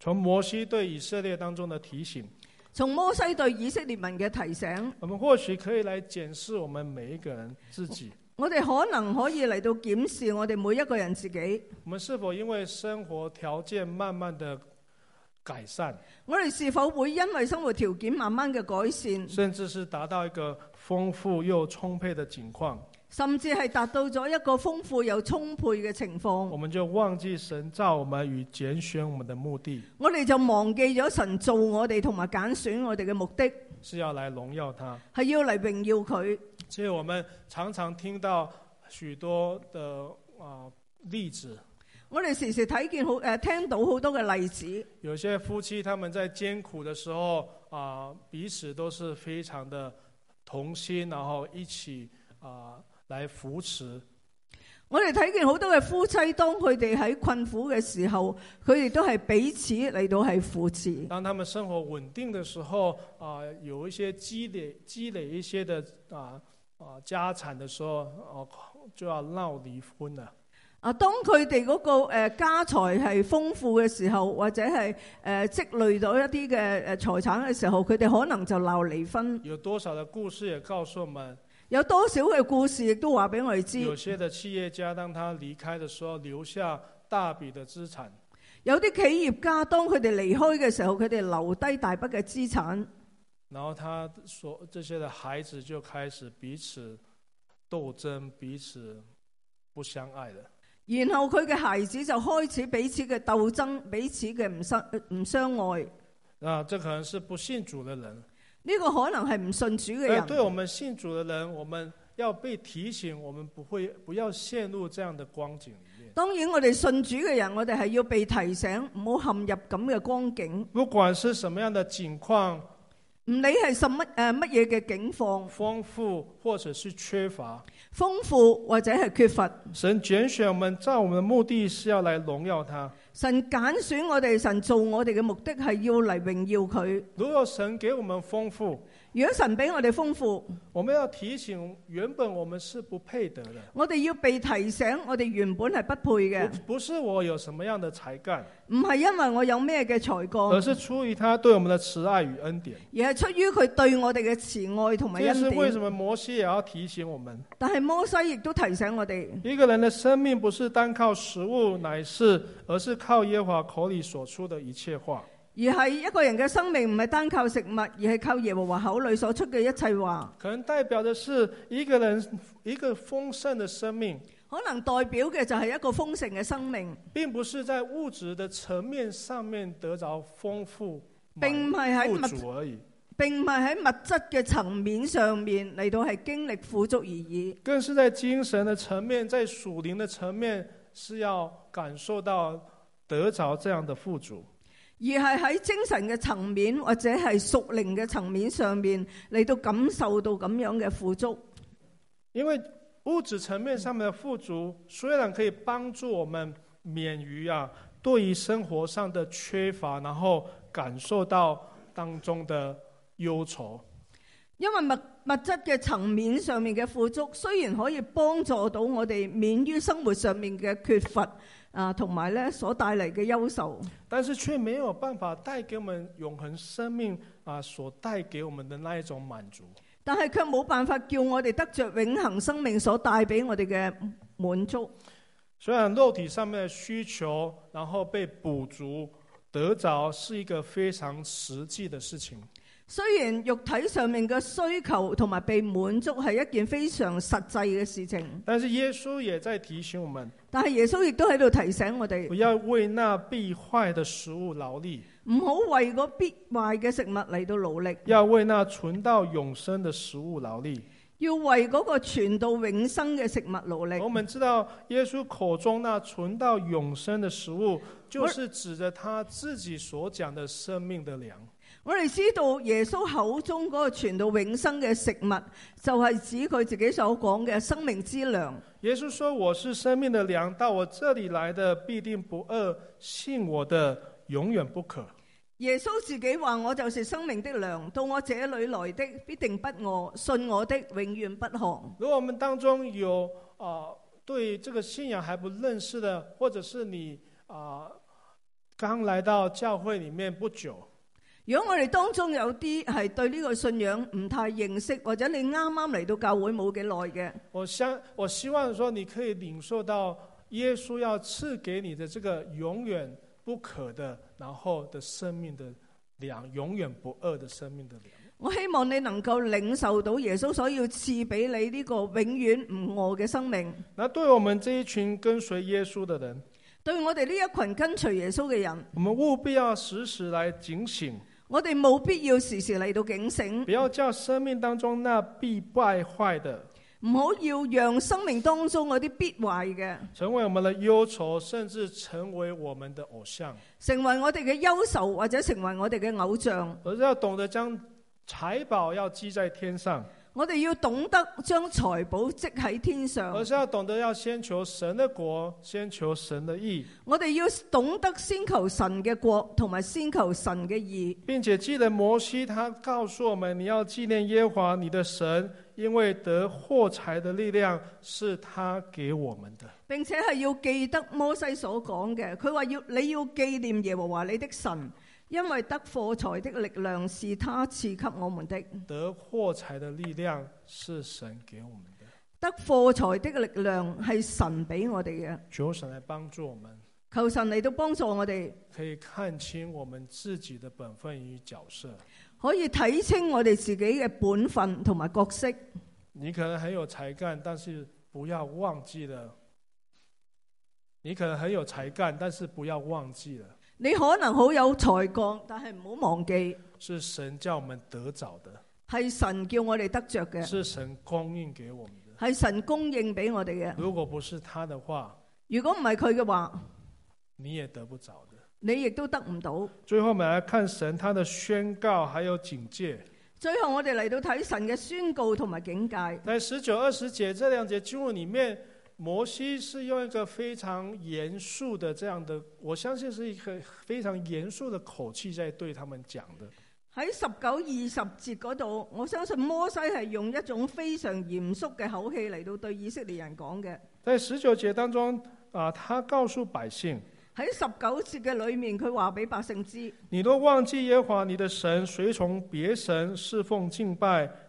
從摩西
對以色列當中的提醒，
從摩西對以色列民嘅提醒，我們或許可
以來檢視我們每一個人自己。
我哋可能可以嚟到檢視我哋每一個人自己。我們是否因為生活條件慢慢的改善？我哋是否會因為生活條件慢慢嘅改善，甚至是達到一個
豐富又充沛嘅情況？
甚至係達到咗一個豐富又充沛嘅情況？
我們就忘記神造我們與揀選我們的目的。
我哋就忘記咗神造我哋同埋揀選我哋嘅目的。
是要來榮耀他。
係要嚟榮耀佢。
所以我們常常聽到許多的啊例子，
我哋時時睇見好誒，聽到好多嘅例子。
有些夫妻，他們在艱苦的時候啊，彼此都是非常的同心，然後一起啊來扶持。
我哋睇見好多嘅夫妻，當佢哋喺困苦嘅時候，佢哋都係彼此嚟到係扶持。
當他們生活穩定的時候，啊，有一些積累積累一些的啊。啊，家產的時候，哦，就要鬧離婚啦。
啊，當佢哋嗰個誒家財係豐富嘅時候，或者係誒積累咗一啲嘅誒財產嘅時候，佢哋可能就鬧離婚。
有多少嘅故事也告訴我們，
有多少嘅故事亦都話
俾我哋知。有些嘅企業家當他離開的時候，他留下大筆的資產。
有啲企業家當佢哋離開嘅時候，佢哋留低大筆嘅資產。
然後他說：“這些的孩子就開始彼此鬥爭，彼此不相愛的。”
然後，佢嘅孩子就開始彼此嘅鬥爭，彼此嘅唔相唔相
愛。啊，這可能是不信主嘅人。
呢個可能係唔信主嘅人。誒、呃，對
我們信主嘅人，我們要被提醒，我們不會不要陷入這樣的光景裏
面。當然，我哋信主嘅人，我哋係要被提醒，唔好陷入咁嘅光景。
不管是什麼樣的境況。
唔理係什乜誒乜嘢嘅境況，豐富或者是缺乏，豐富或者係缺乏。神揀選我們，在我們的目的是要來榮耀他。神揀選我哋，神做我哋嘅目的係要嚟榮耀佢。如果神給我們豐富。如果神俾我哋豐富，我們要提醒，原本我們是不配得的。我哋要被提醒，我哋原本係不配嘅。
不是我有什麼樣的才幹，
唔係因為我有咩嘅才幹，而是
出於他對我們的慈愛與恩典，
而係出於佢對我哋嘅慈愛同埋恩典。就是為什麼
摩西也要提醒我們，
但係摩西亦都提醒我哋，一個人的生命不是
單靠食物乃，乃是而是靠耶和華口裡所出的一切話。
而係一個人嘅生命唔係單靠食物，而係靠耶和華口裏所出嘅一切話。可能代表的是一個人一個豐盛嘅生命。可能代表嘅就係一個豐盛嘅生命，並不是在物質的層面上面得着豐富，並唔係喺物質而已，並唔係喺物質嘅層面上面嚟到係經歷富足而已。更是在精神的層面，在屬靈的層面
是要感受到得着這樣的富足。
而係喺精神嘅層面或者係屬靈嘅層面上面嚟到感受到咁樣嘅富足，
因為物質層面上面嘅富足雖然可以幫助我們免於啊對於生活上的缺乏，然後感受到當中的憂愁。
因為物物質嘅層面上面嘅富足，雖然可以幫助到我哋免於生活上面嘅缺乏。啊，同埋咧，所帶嚟嘅優秀，
但是卻沒有辦法帶給我們永恆生命啊，所帶給我們的那一種滿足。
但係佢冇辦法叫我哋得着永恆生命所帶俾我哋嘅滿足。雖
然肉體上面嘅需求，然後被補足得着，是一個非常實際的事情。
雖然肉體上面嘅需求同埋被滿足係一件非常實際嘅事情，
但是耶穌也在提醒我們。但
係耶穌亦都喺度提醒我哋，
不要為那必壞的食物勞力，唔好
為嗰必壞嘅食物嚟到努力。要為那存到永生的食物勞力，要為嗰個存到永生嘅食物勞力。我們知道耶穌口中那存到永生的食物，就是
指着他自己所講的生
命的糧。我哋知道耶穌口中嗰個傳到永生嘅食物，就係指佢自己所講嘅生命之糧。耶穌說：我是生命的糧，到
我這裏來的必定不餓，信我的永遠不渴。」
耶穌自己話：我就是生命的糧，到我這裏來的必定不餓，信我的永遠不渴。」如果我們當中有啊、呃、對這個信仰還不認
識的，或者是你啊、呃、剛來到教會裏面不久。
如果我哋當中有啲係對呢個信仰唔太認識，或者你啱啱嚟到教會冇幾耐嘅，我相我希望說你可以領受到耶
穌要賜給你的這個永遠不可的，然後的生命的糧，永遠不餓的生命的糧。
我希望你能夠領受到耶穌所要賜俾你呢個永遠唔餓嘅生命。
那對我們這一群跟隨耶穌的人，
對我哋呢一群跟隨耶穌嘅人，
我們務必要時時來警
醒。我哋冇必要時時嚟到警醒。不要叫生命當中那必敗壞的。唔好要讓生命當中嗰啲必壞嘅，成為我們的
憂愁，甚至成為我們的偶像。
成為我哋嘅憂愁，或者成為我哋嘅偶像。而要懂得將財寶要積在天上。我哋要懂得將財寶積喺天上。而是要懂得要先求神的國，先求神的義。我哋要懂得先求神嘅國，同埋先求神嘅義。
並且記得摩西，他告訴我們：你要紀念耶和華你的神，因為得貨財的力量是他給我們的。
並且係要記得摩西所講嘅，佢話要你要紀念耶和華你的神。因為得貨財的力量是他賜給我們的，
得貨財的力量是神給我們
的，得貨財的力量係神俾我哋嘅。求
神來幫助我們，
求神嚟到幫助我哋，
可以看清我們自己的本分與角色，
可以睇清我哋自己嘅本分同埋角色。
你可能很有才幹，但是不要忘記了。你可能很有才幹，但是不要忘記了。你可能好有
才幹，但係唔好忘記。
是神叫我們得着的。
係神叫我哋得着嘅。是
神供應給我們
的。係神供應俾我哋嘅。如
果不是他的話，
如果唔係佢嘅話，
你也得不着的。
你亦都得唔到。
最後，我們來看神他的宣告，還有警戒。
最後，我哋嚟到睇神嘅宣告同埋警戒。
喺十九、二十節這兩節經文裏面。摩西是用一個非常嚴肅的這樣的，我相信是一個非常嚴肅的口氣在對他們講的。
喺十九二十節嗰度，我相信摩西係用一種非常嚴肅嘅口氣嚟到對以色列人講嘅。
喺十九節當中，啊，他告訴百姓。
喺十九節嘅裏面，佢話俾百姓知。
你都忘記耶和華你的神，隨從別神侍奉敬，敬拜。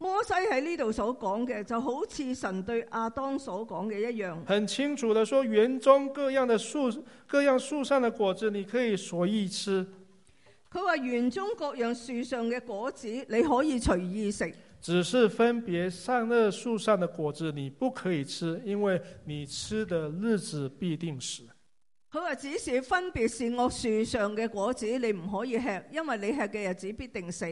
摩西喺呢度所講嘅，就好似神對亞當所講嘅一樣。
很清楚的說，園中各樣的樹，各樣樹上的果子你以以，果子你可以隨意吃。
佢話園中各樣樹上嘅果子，你可以隨意食。
只是分別善惡分別善惡樹上的果子，你不可以吃，因為你吃的日子必定死。
佢話只是分別善惡樹上嘅果子，你唔可以吃，因為你吃嘅日子必定死。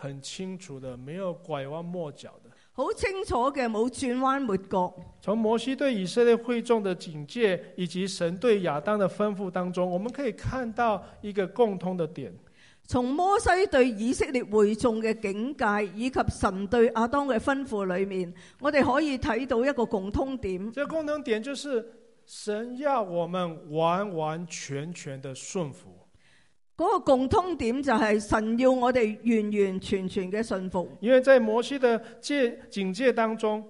很清楚的，沒有拐彎抹角的。好清楚的，冇轉彎抹角。從摩西對以色列會眾的警戒，以及
神對亞當的吩咐當中，我們可以看到一個共通的點。從摩西對以色列會眾嘅警戒，以及神對亞當嘅吩咐裏面，我哋可以睇到一個共通點。這個共通點就是神要我們完完全全的順服。嗰個共通點就係神要我哋完完全全嘅信服。因為在摩西的戒警戒當中，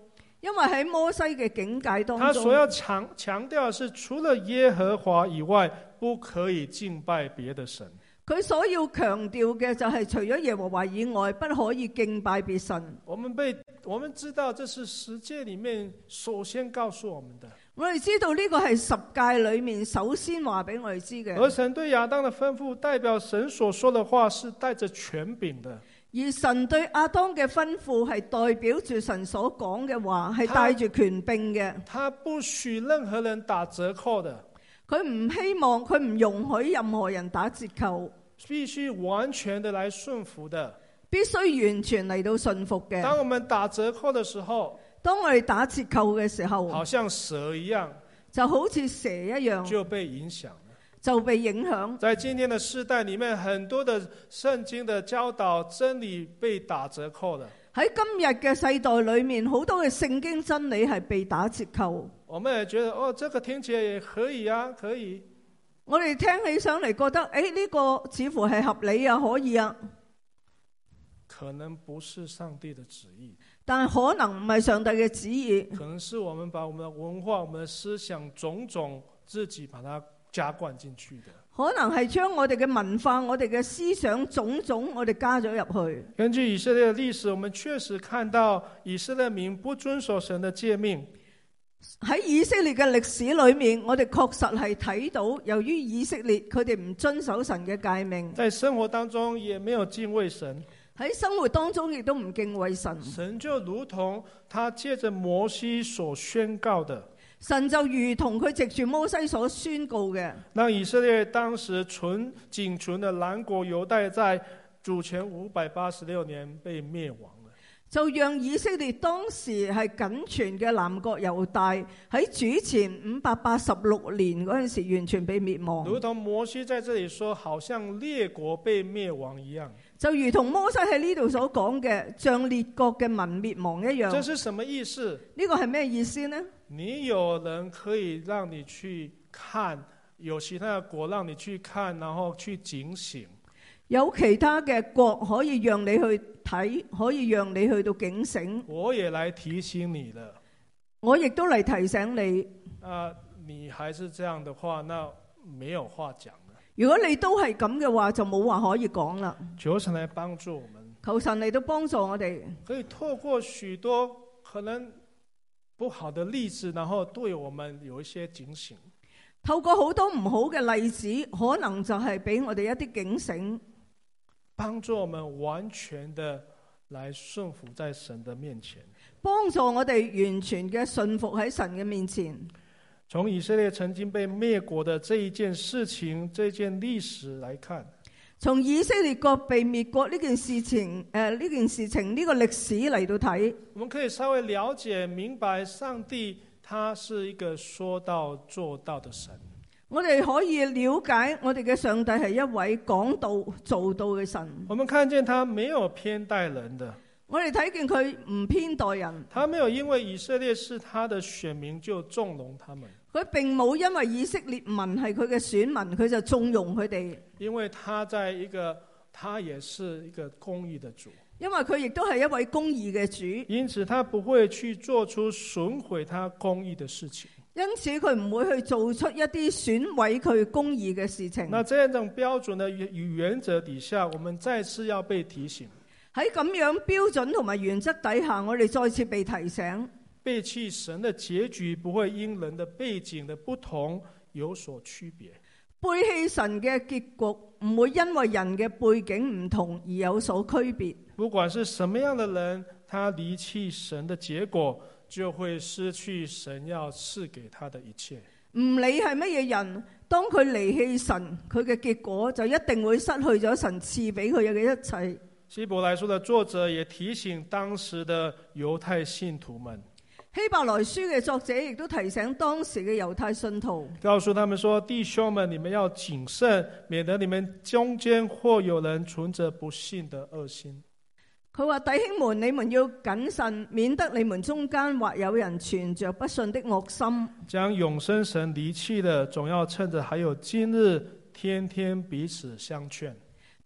因為喺摩西嘅境界當中，他所要強強調嘅是除
了耶和華以外，不可以敬拜別的神。
佢所要強調嘅就係除咗耶和華以外，不可以敬拜別神。我們被我們知道，這是十誡裏面首先告訴我們的。我哋知道呢個係十誡裏面首先話俾我哋知嘅。而神
對亞當的吩咐代表神所說的話是帶着權柄的。
而神對亞當嘅吩咐係代表住神所講嘅話係帶住權柄嘅。他不許任何人打折扣的。佢唔希望，佢唔容許任何人打折扣。必須完全的來順服的。必須完全嚟到順服嘅。當我們打折扣的時候，當我哋打折扣嘅時候，好像蛇一樣，就好似蛇一樣，就被影響了，就被影響。在今天的
世代裏面，很多的聖經的教導真理被打折扣了。
喺今日嘅世代裏面，好多嘅聖經真理係被打折扣。
我們也覺得哦，這個聽起來也可以
啊，可以。我哋聽起上嚟覺得，誒，哎，呢個，這個似乎係合理啊，可以啊。
可能不是上帝的旨意。
但可能
唔係上帝嘅旨意，可能是我們把我們的文化、我們的思想種種自己把它加灌進去的。
可能係將我哋嘅文化、我哋嘅思想種種，我哋加咗入去。
根據以色列嘅歷史，我們確實看到以色列
民不遵守神的誡命。喺以色列嘅歷史裏面，我哋確實係睇到，由於以色列佢哋唔遵守神嘅誡命，在生活當中也沒有敬畏神。喺生活當中亦都唔敬畏神。神就如同他借着摩西所宣告的。神就如同佢藉住摩西所宣告嘅。
那以色列當時純僅存的南國猶大，在主前五百八十六年被滅亡。
就讓以色列當時係僅存嘅南國猶大喺主前五百八十六年嗰陣時，完全被滅亡。如
同摩西在這裏說，好像列國被滅亡一樣。
就如同摩西喺呢度所講嘅，像列國嘅民滅亡一樣。這是什麼意思？呢個係咩意思呢？
你有人可以讓你去看，有其他嘅國讓你去看，然後去警醒。
有其他嘅國可以讓你去睇，可以讓你去到警醒。
我也來提醒你了。
我亦都嚟提醒你。
啊，你還是這樣的話，那沒有話講。
如果你都係咁嘅話，就冇話可以講啦。求神嚟幫助我們。求神嚟到幫助我哋。可
以透過許多可能不好的例子，然後對我們有一些警醒。
透過很多不好多唔好嘅例子，可能就係俾我哋一啲警醒，
幫助我們完全的來順服在神的面前。
幫助我哋完全嘅信服喺神嘅面前。從以色列曾經被
滅國的這一件事情、這件歷史來看，
從以色列國被滅國呢件事情，誒、呃，呢件事情呢、這個歷史嚟到睇，我們可以稍
微了解明白，上帝他是一個說到做到的神。
我哋可以了解，我哋嘅上帝係一位講到做到嘅神。我們看見他沒有偏待人的，我哋睇見佢唔偏待人，
他沒有因為以色列是他的選民就縱容他們。
佢並冇因為以色列民係佢嘅選民，佢就縱容佢哋。
因為他在一個，他也是一個公義的主。
因為佢亦都係一位公義嘅主。因此，他不會去做出損毀他公義的事情。因此，佢唔會去做出一啲損毀佢公義嘅事情。
那這樣一種標準嘅原原則底下，我們再次要被提醒。
喺咁樣標準同埋原則底下，我哋再次被提醒。
背棄神的結局不會因人的背景的不同有所區別。
背棄神嘅結局唔會因為人嘅背景唔同而有所區別。
不管是什麼樣的人，他離棄神的結果就會失去神要賜給他的一切。
唔理係乜嘢人，當佢離棄神，佢嘅結果就一定會失去咗神賜俾佢嘅一切。
希伯來書的作者也提醒當時的猶太信徒們。
希伯來書嘅作者亦都提醒當時嘅猶太信徒，
告訴他們說：弟兄們，你們要謹慎，免得你們中間或有人存着不信的惡心。
佢話，弟兄們，你們要謹慎，免得你們中間或有人存着不信的惡心。
將永生神離棄的，總要趁着還有今日，天天彼此相勸。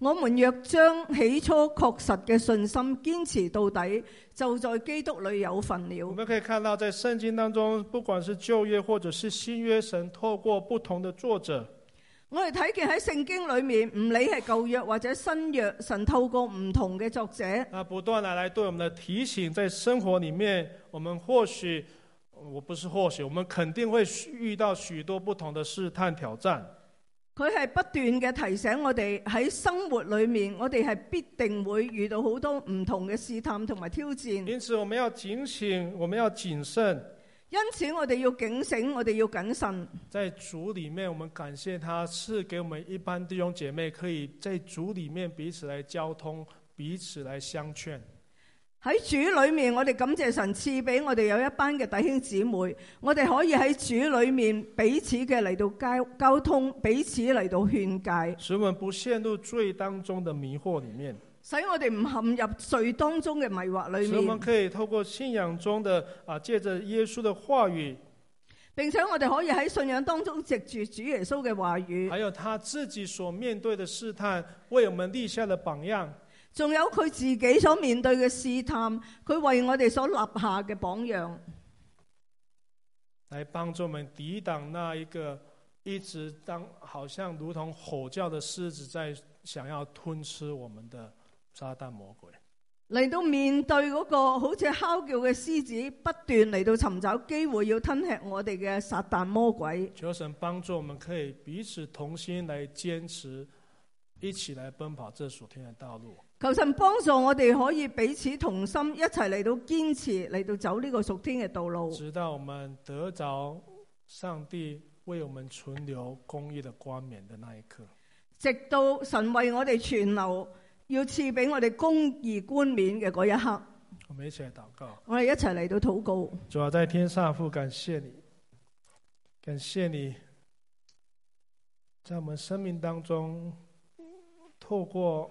我們若將起初確實嘅信心堅持到底，就在基督裏有份了。我們可以看到，在聖經當中，不管是舊約或者是
新約，神透過不同的作者，
我哋睇見喺聖經裏面，唔理係舊約或者新約，神透過唔同嘅作者，
啊，不斷嘅來對我們的提醒，在生活裏面，我們或許我不是或許，我們肯定會遇到許多不同的試探挑戰。
佢係不斷嘅提醒我哋喺生活裏面，我哋係必定會遇到好多唔同嘅試探同埋挑戰。因此我哋要警醒，我哋要謹慎。因此我哋要警醒，我哋要
謹慎。在主裏面，我哋感謝祂賜給我哋一班弟兄姐妹，可以在主裏面彼此來交通，彼此來相勸。
喺主裏面，我哋感謝神賜俾我哋有一班嘅弟兄姊妹，我哋可以喺主裏面彼此嘅嚟到交交通，彼此嚟到勸解，使我們不陷入罪當中的迷惑裏面，使我哋唔陷入罪當中嘅迷惑裏面。使我們
可以透過信仰中的啊，借着耶穌的話語，
並且我哋可以喺信仰當中藉住主耶穌嘅話語。還有他自己所面對的試探，為我們立下了榜樣。仲有佢自己所面對嘅試探，佢為我哋所立下嘅榜樣，
嚟幫助我們抵擋那一個一直當好像如同吼叫的獅子，在想要吞吃我們的撒旦魔鬼。
嚟到面對嗰個好似嚎叫嘅獅子，不斷嚟到尋找機會要吞吃我哋嘅撒旦魔鬼。
主神幫助我們可以彼此同心，嚟堅持，一起來奔跑這屬天的道路。
求神幫助我哋可以彼此同心，一齊嚟到堅持嚟到走呢個屬天嘅道路，
直到我們得着上帝為我們存留公義嘅冠冕嘅那一刻，
直到神為我哋存留，要賜俾我哋公義冠冕嘅嗰一刻，
我哋一齊嚟禱告，
我哋一齊嚟到禱告，
主要在天上父，感謝你，感謝你，在我們生命當中透過。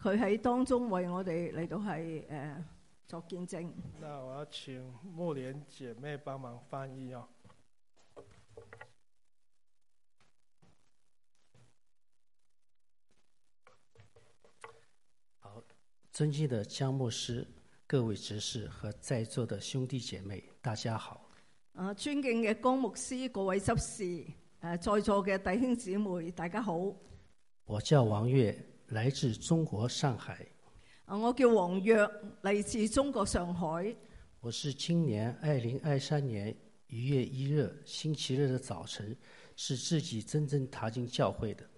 佢喺當中為我哋嚟到係誒、呃、作見證。那我要請慕蓮姐妹幫忙翻譯哦。
好，尊敬嘅江牧師、各位執事和在座嘅兄弟姐妹，大家好。
啊，尊敬嘅江牧師、各位執事、誒在座嘅弟兄姊妹，大家好。
我叫王月。來自中國上海。啊，我叫
王躍，來自中國上海。
我是今年二零二三年一月一日星期日的早晨，是自己真正踏進教會的。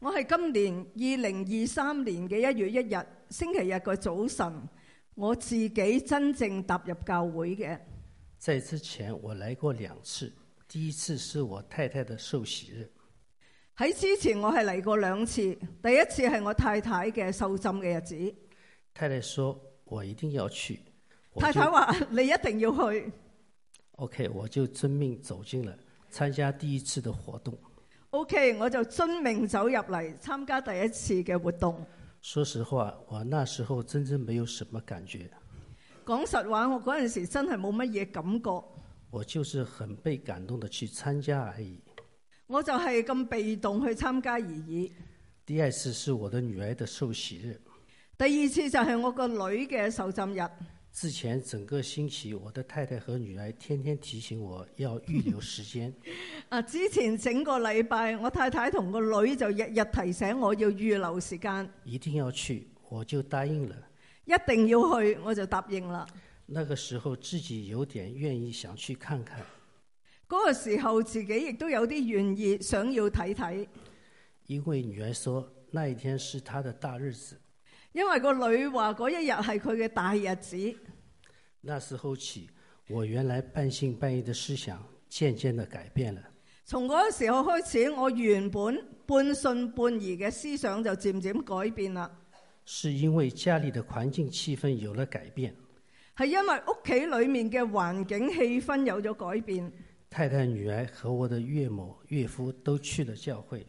我係今年二零二三年嘅一月一日星期日嘅早晨，我自己真正踏入教會嘅。
在之前，我來過兩次，第一次是我太太的受洗日。
喺之前我係嚟過兩次，第一次係我太太嘅受浸嘅日子。
太太說我一定要去。太太話
你一定要去。
OK，我就遵命走進嚟參加第一次嘅活動。
OK，我就遵命走入嚟參加第一次嘅活動。
說實話，我那時候真正沒有什麼感覺。
講實話，我嗰陣時真係冇乜嘢感覺。
我就是很被感動的去參加而已。
我就係咁被動去參加而已。
第二次是我的女兒的受洗日。
第二次就係我個女嘅受浸日。
之前整個星期，我的太太和女兒天天提醒我要預留時間。
啊，之前整個禮拜，我太太同個女就日日提醒我要預留時間。
一定要去，我就答應了。
一定要去，我就答應啦。
那個時候自己有點願意想去看看。
嗰個時候，自己亦都有啲願意，想要睇睇。因
為，因為女兒說那一天是她的大日子，
因為個女話嗰一日係佢嘅大日子。
那時候起，我原來半信半疑的思想，漸漸的改變了。
從嗰時候開始，我原本半信半疑嘅思想就漸漸改變啦。
是因為家裏的環境氣氛有了改變，
係因為屋企裏面嘅環境氣氛有咗改變。
太太、女兒和我的岳母、岳父都去了教會。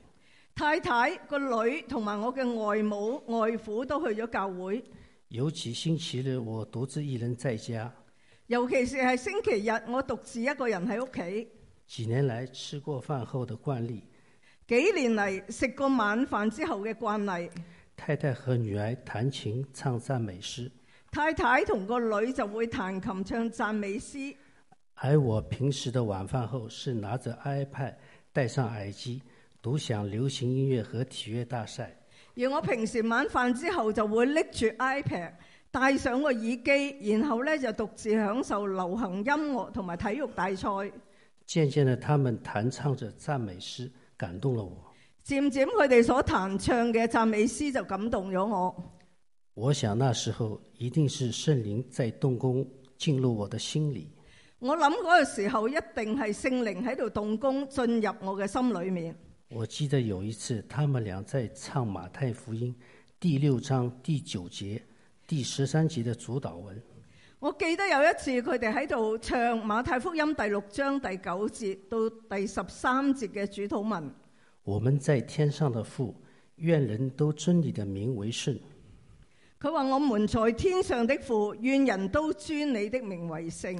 太太、個女同埋我嘅外母、外父都去咗教會。
尤其星期日我獨自一人在家。
尤其是係星期日我獨自一個人喺屋企。
幾年來吃過飯後的慣例。
幾年嚟食過晚飯之後嘅慣例。
太太和女兒彈琴唱讚美詩。
太太同個女就會彈琴唱讚美詩。
而我平時的晚飯後是拿着 iPad，戴上耳機，獨享流行音樂和體育大賽。
而我平時晚飯之後就會拎住 iPad，戴上個耳機，然後呢，就獨自享受流行音樂同埋體育大賽。
漸漸的，他們彈唱着讚美詩，感動了我。
漸漸，佢哋所彈唱嘅讚美詩就感動咗
我。我想那時候一定是聖靈在動工進入我的心裏。
我諗嗰個時候一定係聖靈喺度動工進入我
嘅心裏面。我記得有一次，他們倆在唱《馬太福音》第六章第九節第十三節的主禱文。
我記得有一次，佢哋喺度唱《馬太福音》第六章第九節到第十三節嘅主禱文。
我們在天上的父，願人都尊你的名為聖。
佢話我們在天上的父，願人都尊你的名為聖。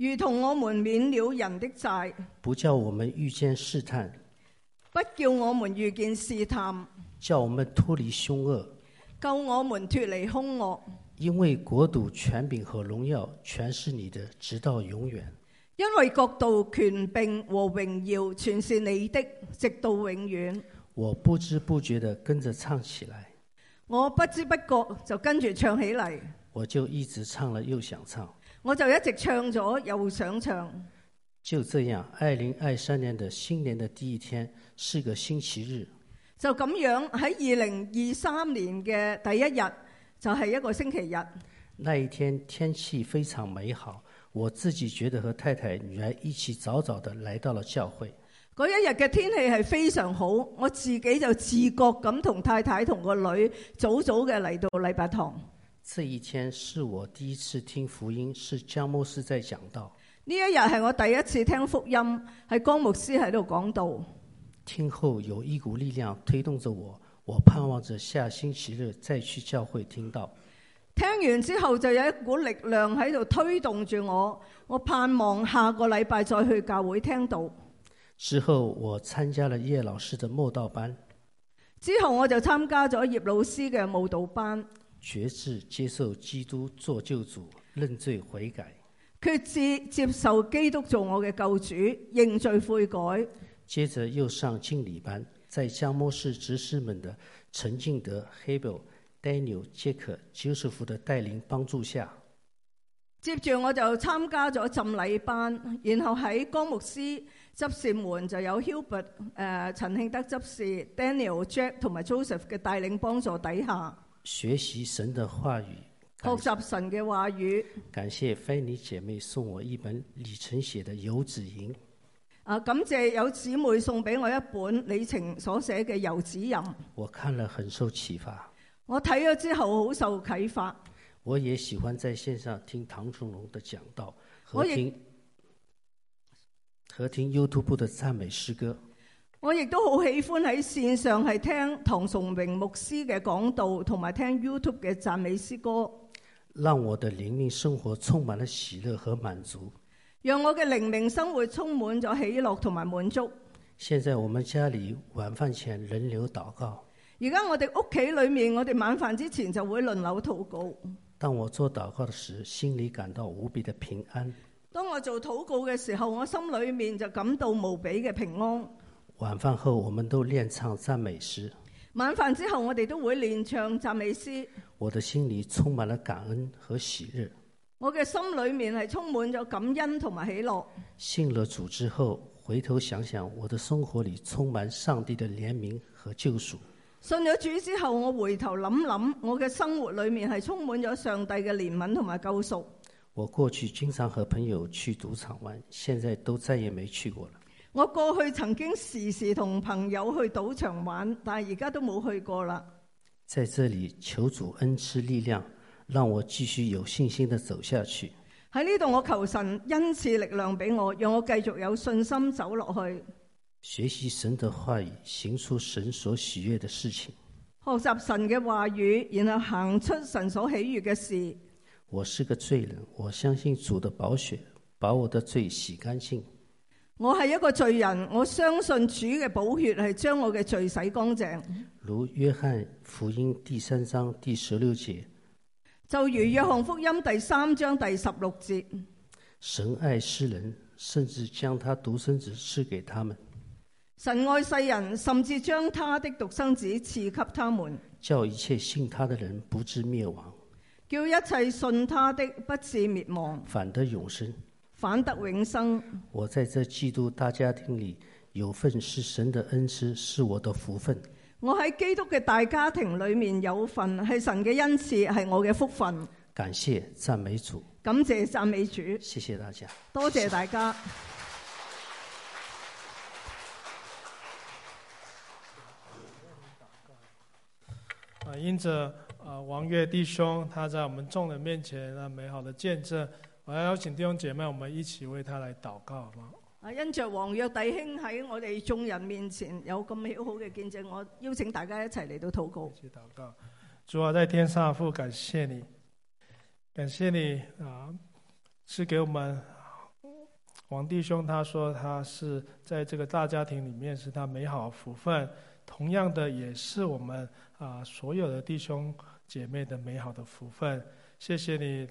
如同我們免了人的債，
不叫我們遇見試探，
不叫我們遇見試探，
叫我們脫離凶惡，
救我們脫離凶惡。
因為國度、權柄和榮耀全是你的，直到永遠。
因為國度、權柄和榮耀全是你的，直到永遠。
我不知不覺地跟着唱起來，
我不知不覺就跟住唱起嚟，
我就一直唱了又想唱。
我就一直唱咗，又想唱。
就這樣，二零二三年的新年的第一天是個星期日。
就咁樣喺二零二三年嘅第一日，就係一個星期日。
那一天天氣非常美好，我自己覺得和太太、女兒一起早早地來到了教會。
嗰一日嘅天氣係非常好，我自己就自覺咁同太太同個女早早嘅嚟到禮拜堂。
這一天是我第一次聽福音，是江牧師在講道。
呢一日係我第一次聽福音，係江牧師喺度講道。
聽後有一股力量推動着我，我盼望着下星期日再去教會聽到。
聽完之後就有一股力量喺度推動住我，我盼望下個禮拜再去教會聽到。
之後我參加了葉老，老師的舞蹈班。
之後我就參加咗葉老師嘅舞蹈班。
決志接受基督做救主，認罪悔改；
決志接受基督做我嘅
救主，認罪悔改。接着又上浸禮班，在江牧師執事們的陳敬德、Hebel、Daniel、Jack、Joseph 的帶領幫助下。
接着我就參加咗浸禮班，然後喺江牧師執事們就有 Hebel 誒陳慶德執事、Daniel、Jack 同埋 Joseph 嘅帶領幫助底下。
學習神的話語，
學習神嘅話語。
感謝菲尼姐妹送我一本李晴寫的《遊子吟》。
啊，感謝有姊妹送俾我一本李晴所寫嘅《遊子吟》，
我看了很受啟發。
我睇咗之後好受啟發。
我也喜歡在線上聽唐崇榮的講道，和聽我也和聽 YouTube 的讚美詩歌。
我亦都好喜歡喺線上係聽唐崇榮牧師嘅講道，同埋聽 YouTube 嘅讚美詩歌，
讓我的靈命生活充滿了喜樂和滿足。
讓我嘅靈命生活充滿咗喜樂同埋滿足。
現在我們家裏晚飯前輪流禱告。
而家我哋屋企裏面，我哋晚飯之前就會輪流禱告。
當我做禱告的時候，心裏感到無比嘅平安。
當我做禱告嘅時候，我心裏面就感到無比嘅平安。
晚飯後，我們都練唱讚美詩。
晚飯之後，我哋都會練唱讚美詩。
我的心裏充滿了感恩和喜樂。
我嘅心裏面係充滿咗感恩同埋喜樂。
信了主之後，回頭想想，我的生活裏充滿上帝的憐憫和救贖。
信咗主之後，我回頭諗諗，我嘅生活裏面係充滿咗上帝嘅憐憫同埋救贖。
我過去經常和朋友去賭場玩，現在都再也沒去過了。
我過去曾經時時同朋友去賭場玩，但係而家都冇去過啦。
在這裏求主恩賜力量，讓我繼續有信心地走下去。
喺呢度我求神恩賜力量俾我，讓我繼續有信心走落去。
學習神的話語，行出神所喜悦的事情。
學習神嘅話語，然後行出神所喜悦嘅事。
我是個罪人，我相信主的寶血把我的罪洗乾淨。
我係一個罪人，我相信主嘅寶血係將我嘅罪洗乾淨。
如約翰福音第三章第十六節，
就如約翰福音第三章第十六節，
神愛世人，甚至將他獨生子賜給他們。
神愛世人，甚至將他的獨生子賜給他們，
叫一切信他的人不致滅亡，
叫一切信他的不致滅亡，
反得永生。
反得永生。
我在這基督大家庭裏有份是神的恩賜，是我的福分。
我喺基督嘅大家庭裏面有份係神嘅恩賜，係我嘅福分。
感謝讚美主。
感謝讚美主。
謝謝大家，
多謝大家
謝謝。啊，因着王月弟兄，他在我們眾人面前美好的見證。我邀請弟兄姐妹，我們一起為他來禱告，好
嘛？啊，因着王約弟兄喺我哋眾人面前有咁美好嘅見證，我邀請大家一齊嚟到禱告。一起禱告，
主啊，在天上父，感謝你，感謝你啊，是給我們王弟兄，他說他是在這個大家庭裡面，是他美好的福分。同樣的，也是我們啊，所有的弟兄姐妹的美好的福分。謝謝你。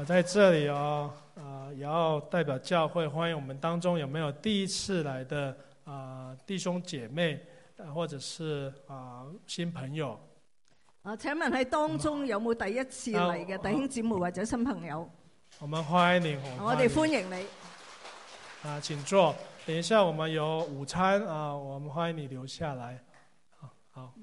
我在這裏哦，呃、啊，也要代表教會歡迎我們當中有沒有第一次來的啊弟兄姐妹，啊、或者是啊新朋友。
啊，請問喺當中有冇第一次嚟嘅弟兄姐妹或者新朋友我？
我們歡迎你，我哋歡迎你。啊，請坐。等一下，我們有午餐啊，我們歡迎你留下來，好。好，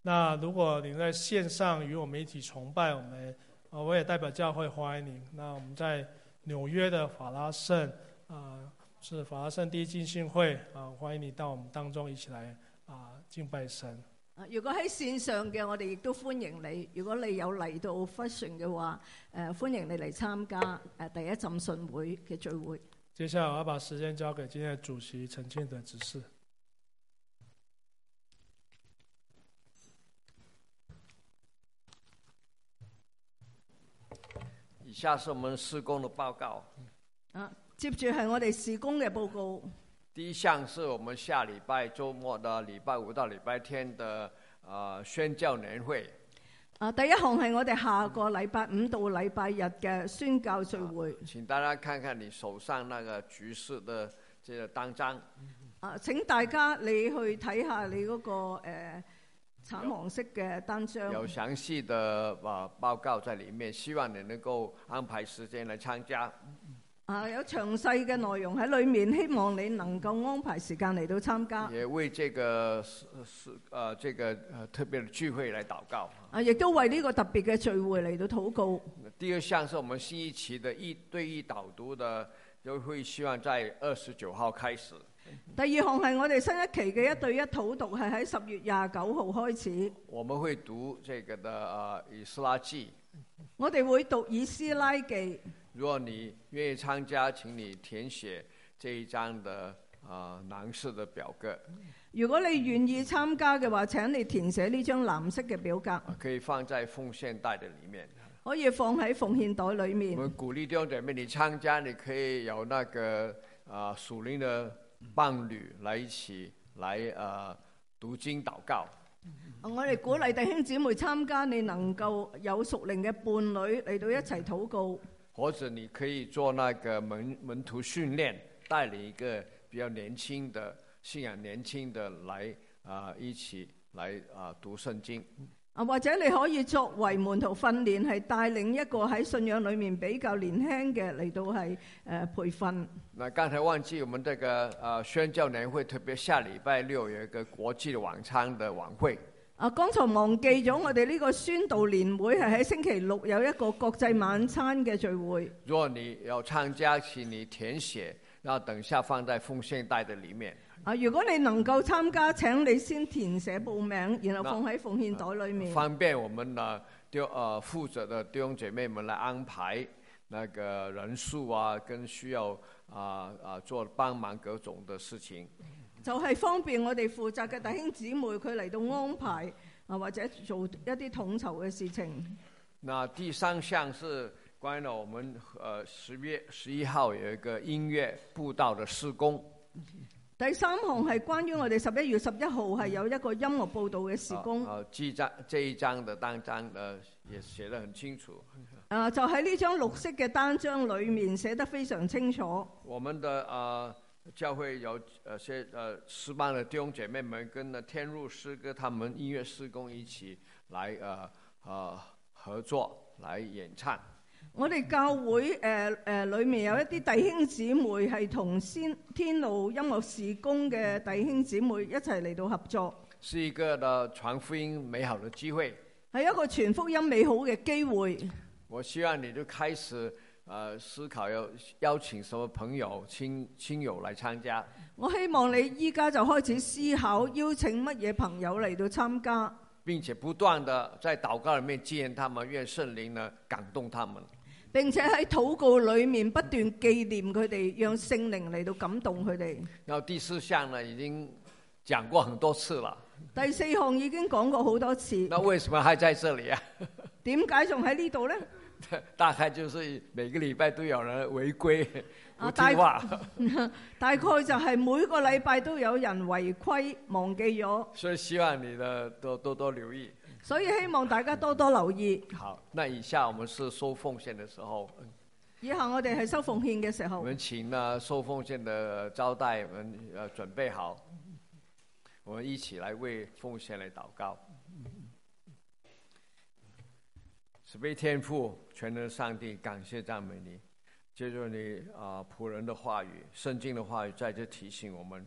那如果你在綫上與我們一起崇拜我們。我也代表教會，歡迎你。那我們在紐約的法拉盛，啊、呃，是法拉盛第一浸信會，啊、呃，歡迎你到我們當中，一起來啊、呃、敬拜神。
啊，如果喺線上嘅，我哋亦都歡迎你。如果你有嚟到 Flushing 嘅話、呃，歡迎你嚟參加第一浸信會嘅聚會。
接下來我要把時間交給今日主席陳建德指示。
下次我們事工的報告，
啊，接住係我哋事工嘅報告。
第一項是我們下禮拜周末的禮拜五到禮拜天的啊、呃、宣教年會。
啊，第一項係我哋下個禮拜五到禮拜日嘅宣教聚會、
啊。請大家看看你手上那個局勢的這個單張。
啊，請大家你去睇下你嗰、那個誒。呃橙黃色嘅單張，有
詳細的啊報告在裏面，希望你能夠安排時間嚟參加。
啊，有詳細嘅內容喺裏面，希望你能夠安排時間嚟到參加。
也為這個特別嘅聚會嚟禱告。
啊，亦都為呢個特別嘅聚會嚟到禱告。
第二項是我們新一期的一對一導讀的，就會希望在二十九號開始。
第二項係我哋新一期嘅一對一討讀，係喺十月廿九號開始。
我們會讀《這個的以斯拉記》。
我哋會讀《以斯拉記》拉記。
如果你願意參加，請你填寫這一張的啊的的藍色的表格。
如果你願意參加嘅話，請你填寫呢張藍色嘅表格。
可以放在奉獻袋的裏面。
可以放喺奉獻袋裏面。
我們鼓勵兩點：，咩？你參加你可以有那個啊屬靈的。伴侶來一起來啊、呃、讀經禱告。
我哋鼓勵弟兄姊妹參加，你能夠有熟齡嘅伴侶嚟到一齊禱告，
或者你可以做那個門門徒訓練，帶領一個比較年輕的信仰年輕的來啊、呃，一起來啊、呃、讀聖經。
啊，或者你可以作為門徒訓練，係帶領一個喺信仰裏面比較年輕嘅嚟到係誒、呃、培訓。
嗱，剛才忘記，我們呢個宣教年會特別下禮拜六有一個國際晚餐的晚會。
啊，剛才忘記咗我哋呢個宣道年會係喺星期六有一個國際晚餐嘅聚會。
若你要參加，請你填寫，然後等下放在奉獻袋的裏面。
啊！如果你能夠參加，請你先填寫報名，然後放喺奉獻袋裏面，方
便我們啊，啲啊負責的弟兄姐妹們來安排那個人數啊，跟需要啊啊、呃呃、做幫忙各種的事情，
就係方便我哋負責嘅弟兄姊妹佢嚟到安排啊、呃，或者做一啲統籌嘅事情。
那第三項是關於我們呃十月十一號有一個音樂佈道的事工。
第三項係關於我哋十一月十一號係有一個音樂報道嘅事工。
哦、啊啊，這張這一張嘅單張，誒，也寫得很清楚。
誒、嗯啊，就喺呢張綠色嘅單張裏面寫得非常清楚。
我們的啊教會有誒些誒詩班嘅弟兄姐妹們，跟天路詩歌、他們音樂事工一起來，啊啊、合作來演唱。
我哋教會誒誒、呃呃，裏面有一啲弟兄姊妹係同先天路音樂事工嘅弟兄姊妹一齊嚟到合作，
是一個嘅傳福音美好的機會，
係一個傳福音美好嘅機會。
我希望你都開始誒、呃、思考，要邀請什麼朋友親親友嚟參加。
我希望你依家就開始思考邀請乜嘢朋友嚟到參加，
並且不斷的在禱告裏面見他們，願聖靈呢感動他們。
並且喺禱告裏面不斷紀念佢哋，讓聖靈嚟到感動佢哋。
然後第四項咧，已經講過很多次啦。
第四項已經講過好多次。那
為什麼還在這裡啊？
點解仲喺呢度咧？
大概就是每個禮拜都有人違規，唔聽話。
大概就係每個禮拜都有人違規，
忘記咗。所以希望你咧，多多多留意。
所以希望大家多多留意。
好，那以下我們是收奉獻的時候。
以後我哋係收奉獻嘅時候。我們，
時候我們請呢、啊、收奉獻的招待，我們誒準備好，我們一起來為奉獻來禱告。慈悲天父，全能上帝，感謝讚美你，借助你啊僕人的話語，聖經的話語，再次提醒我們。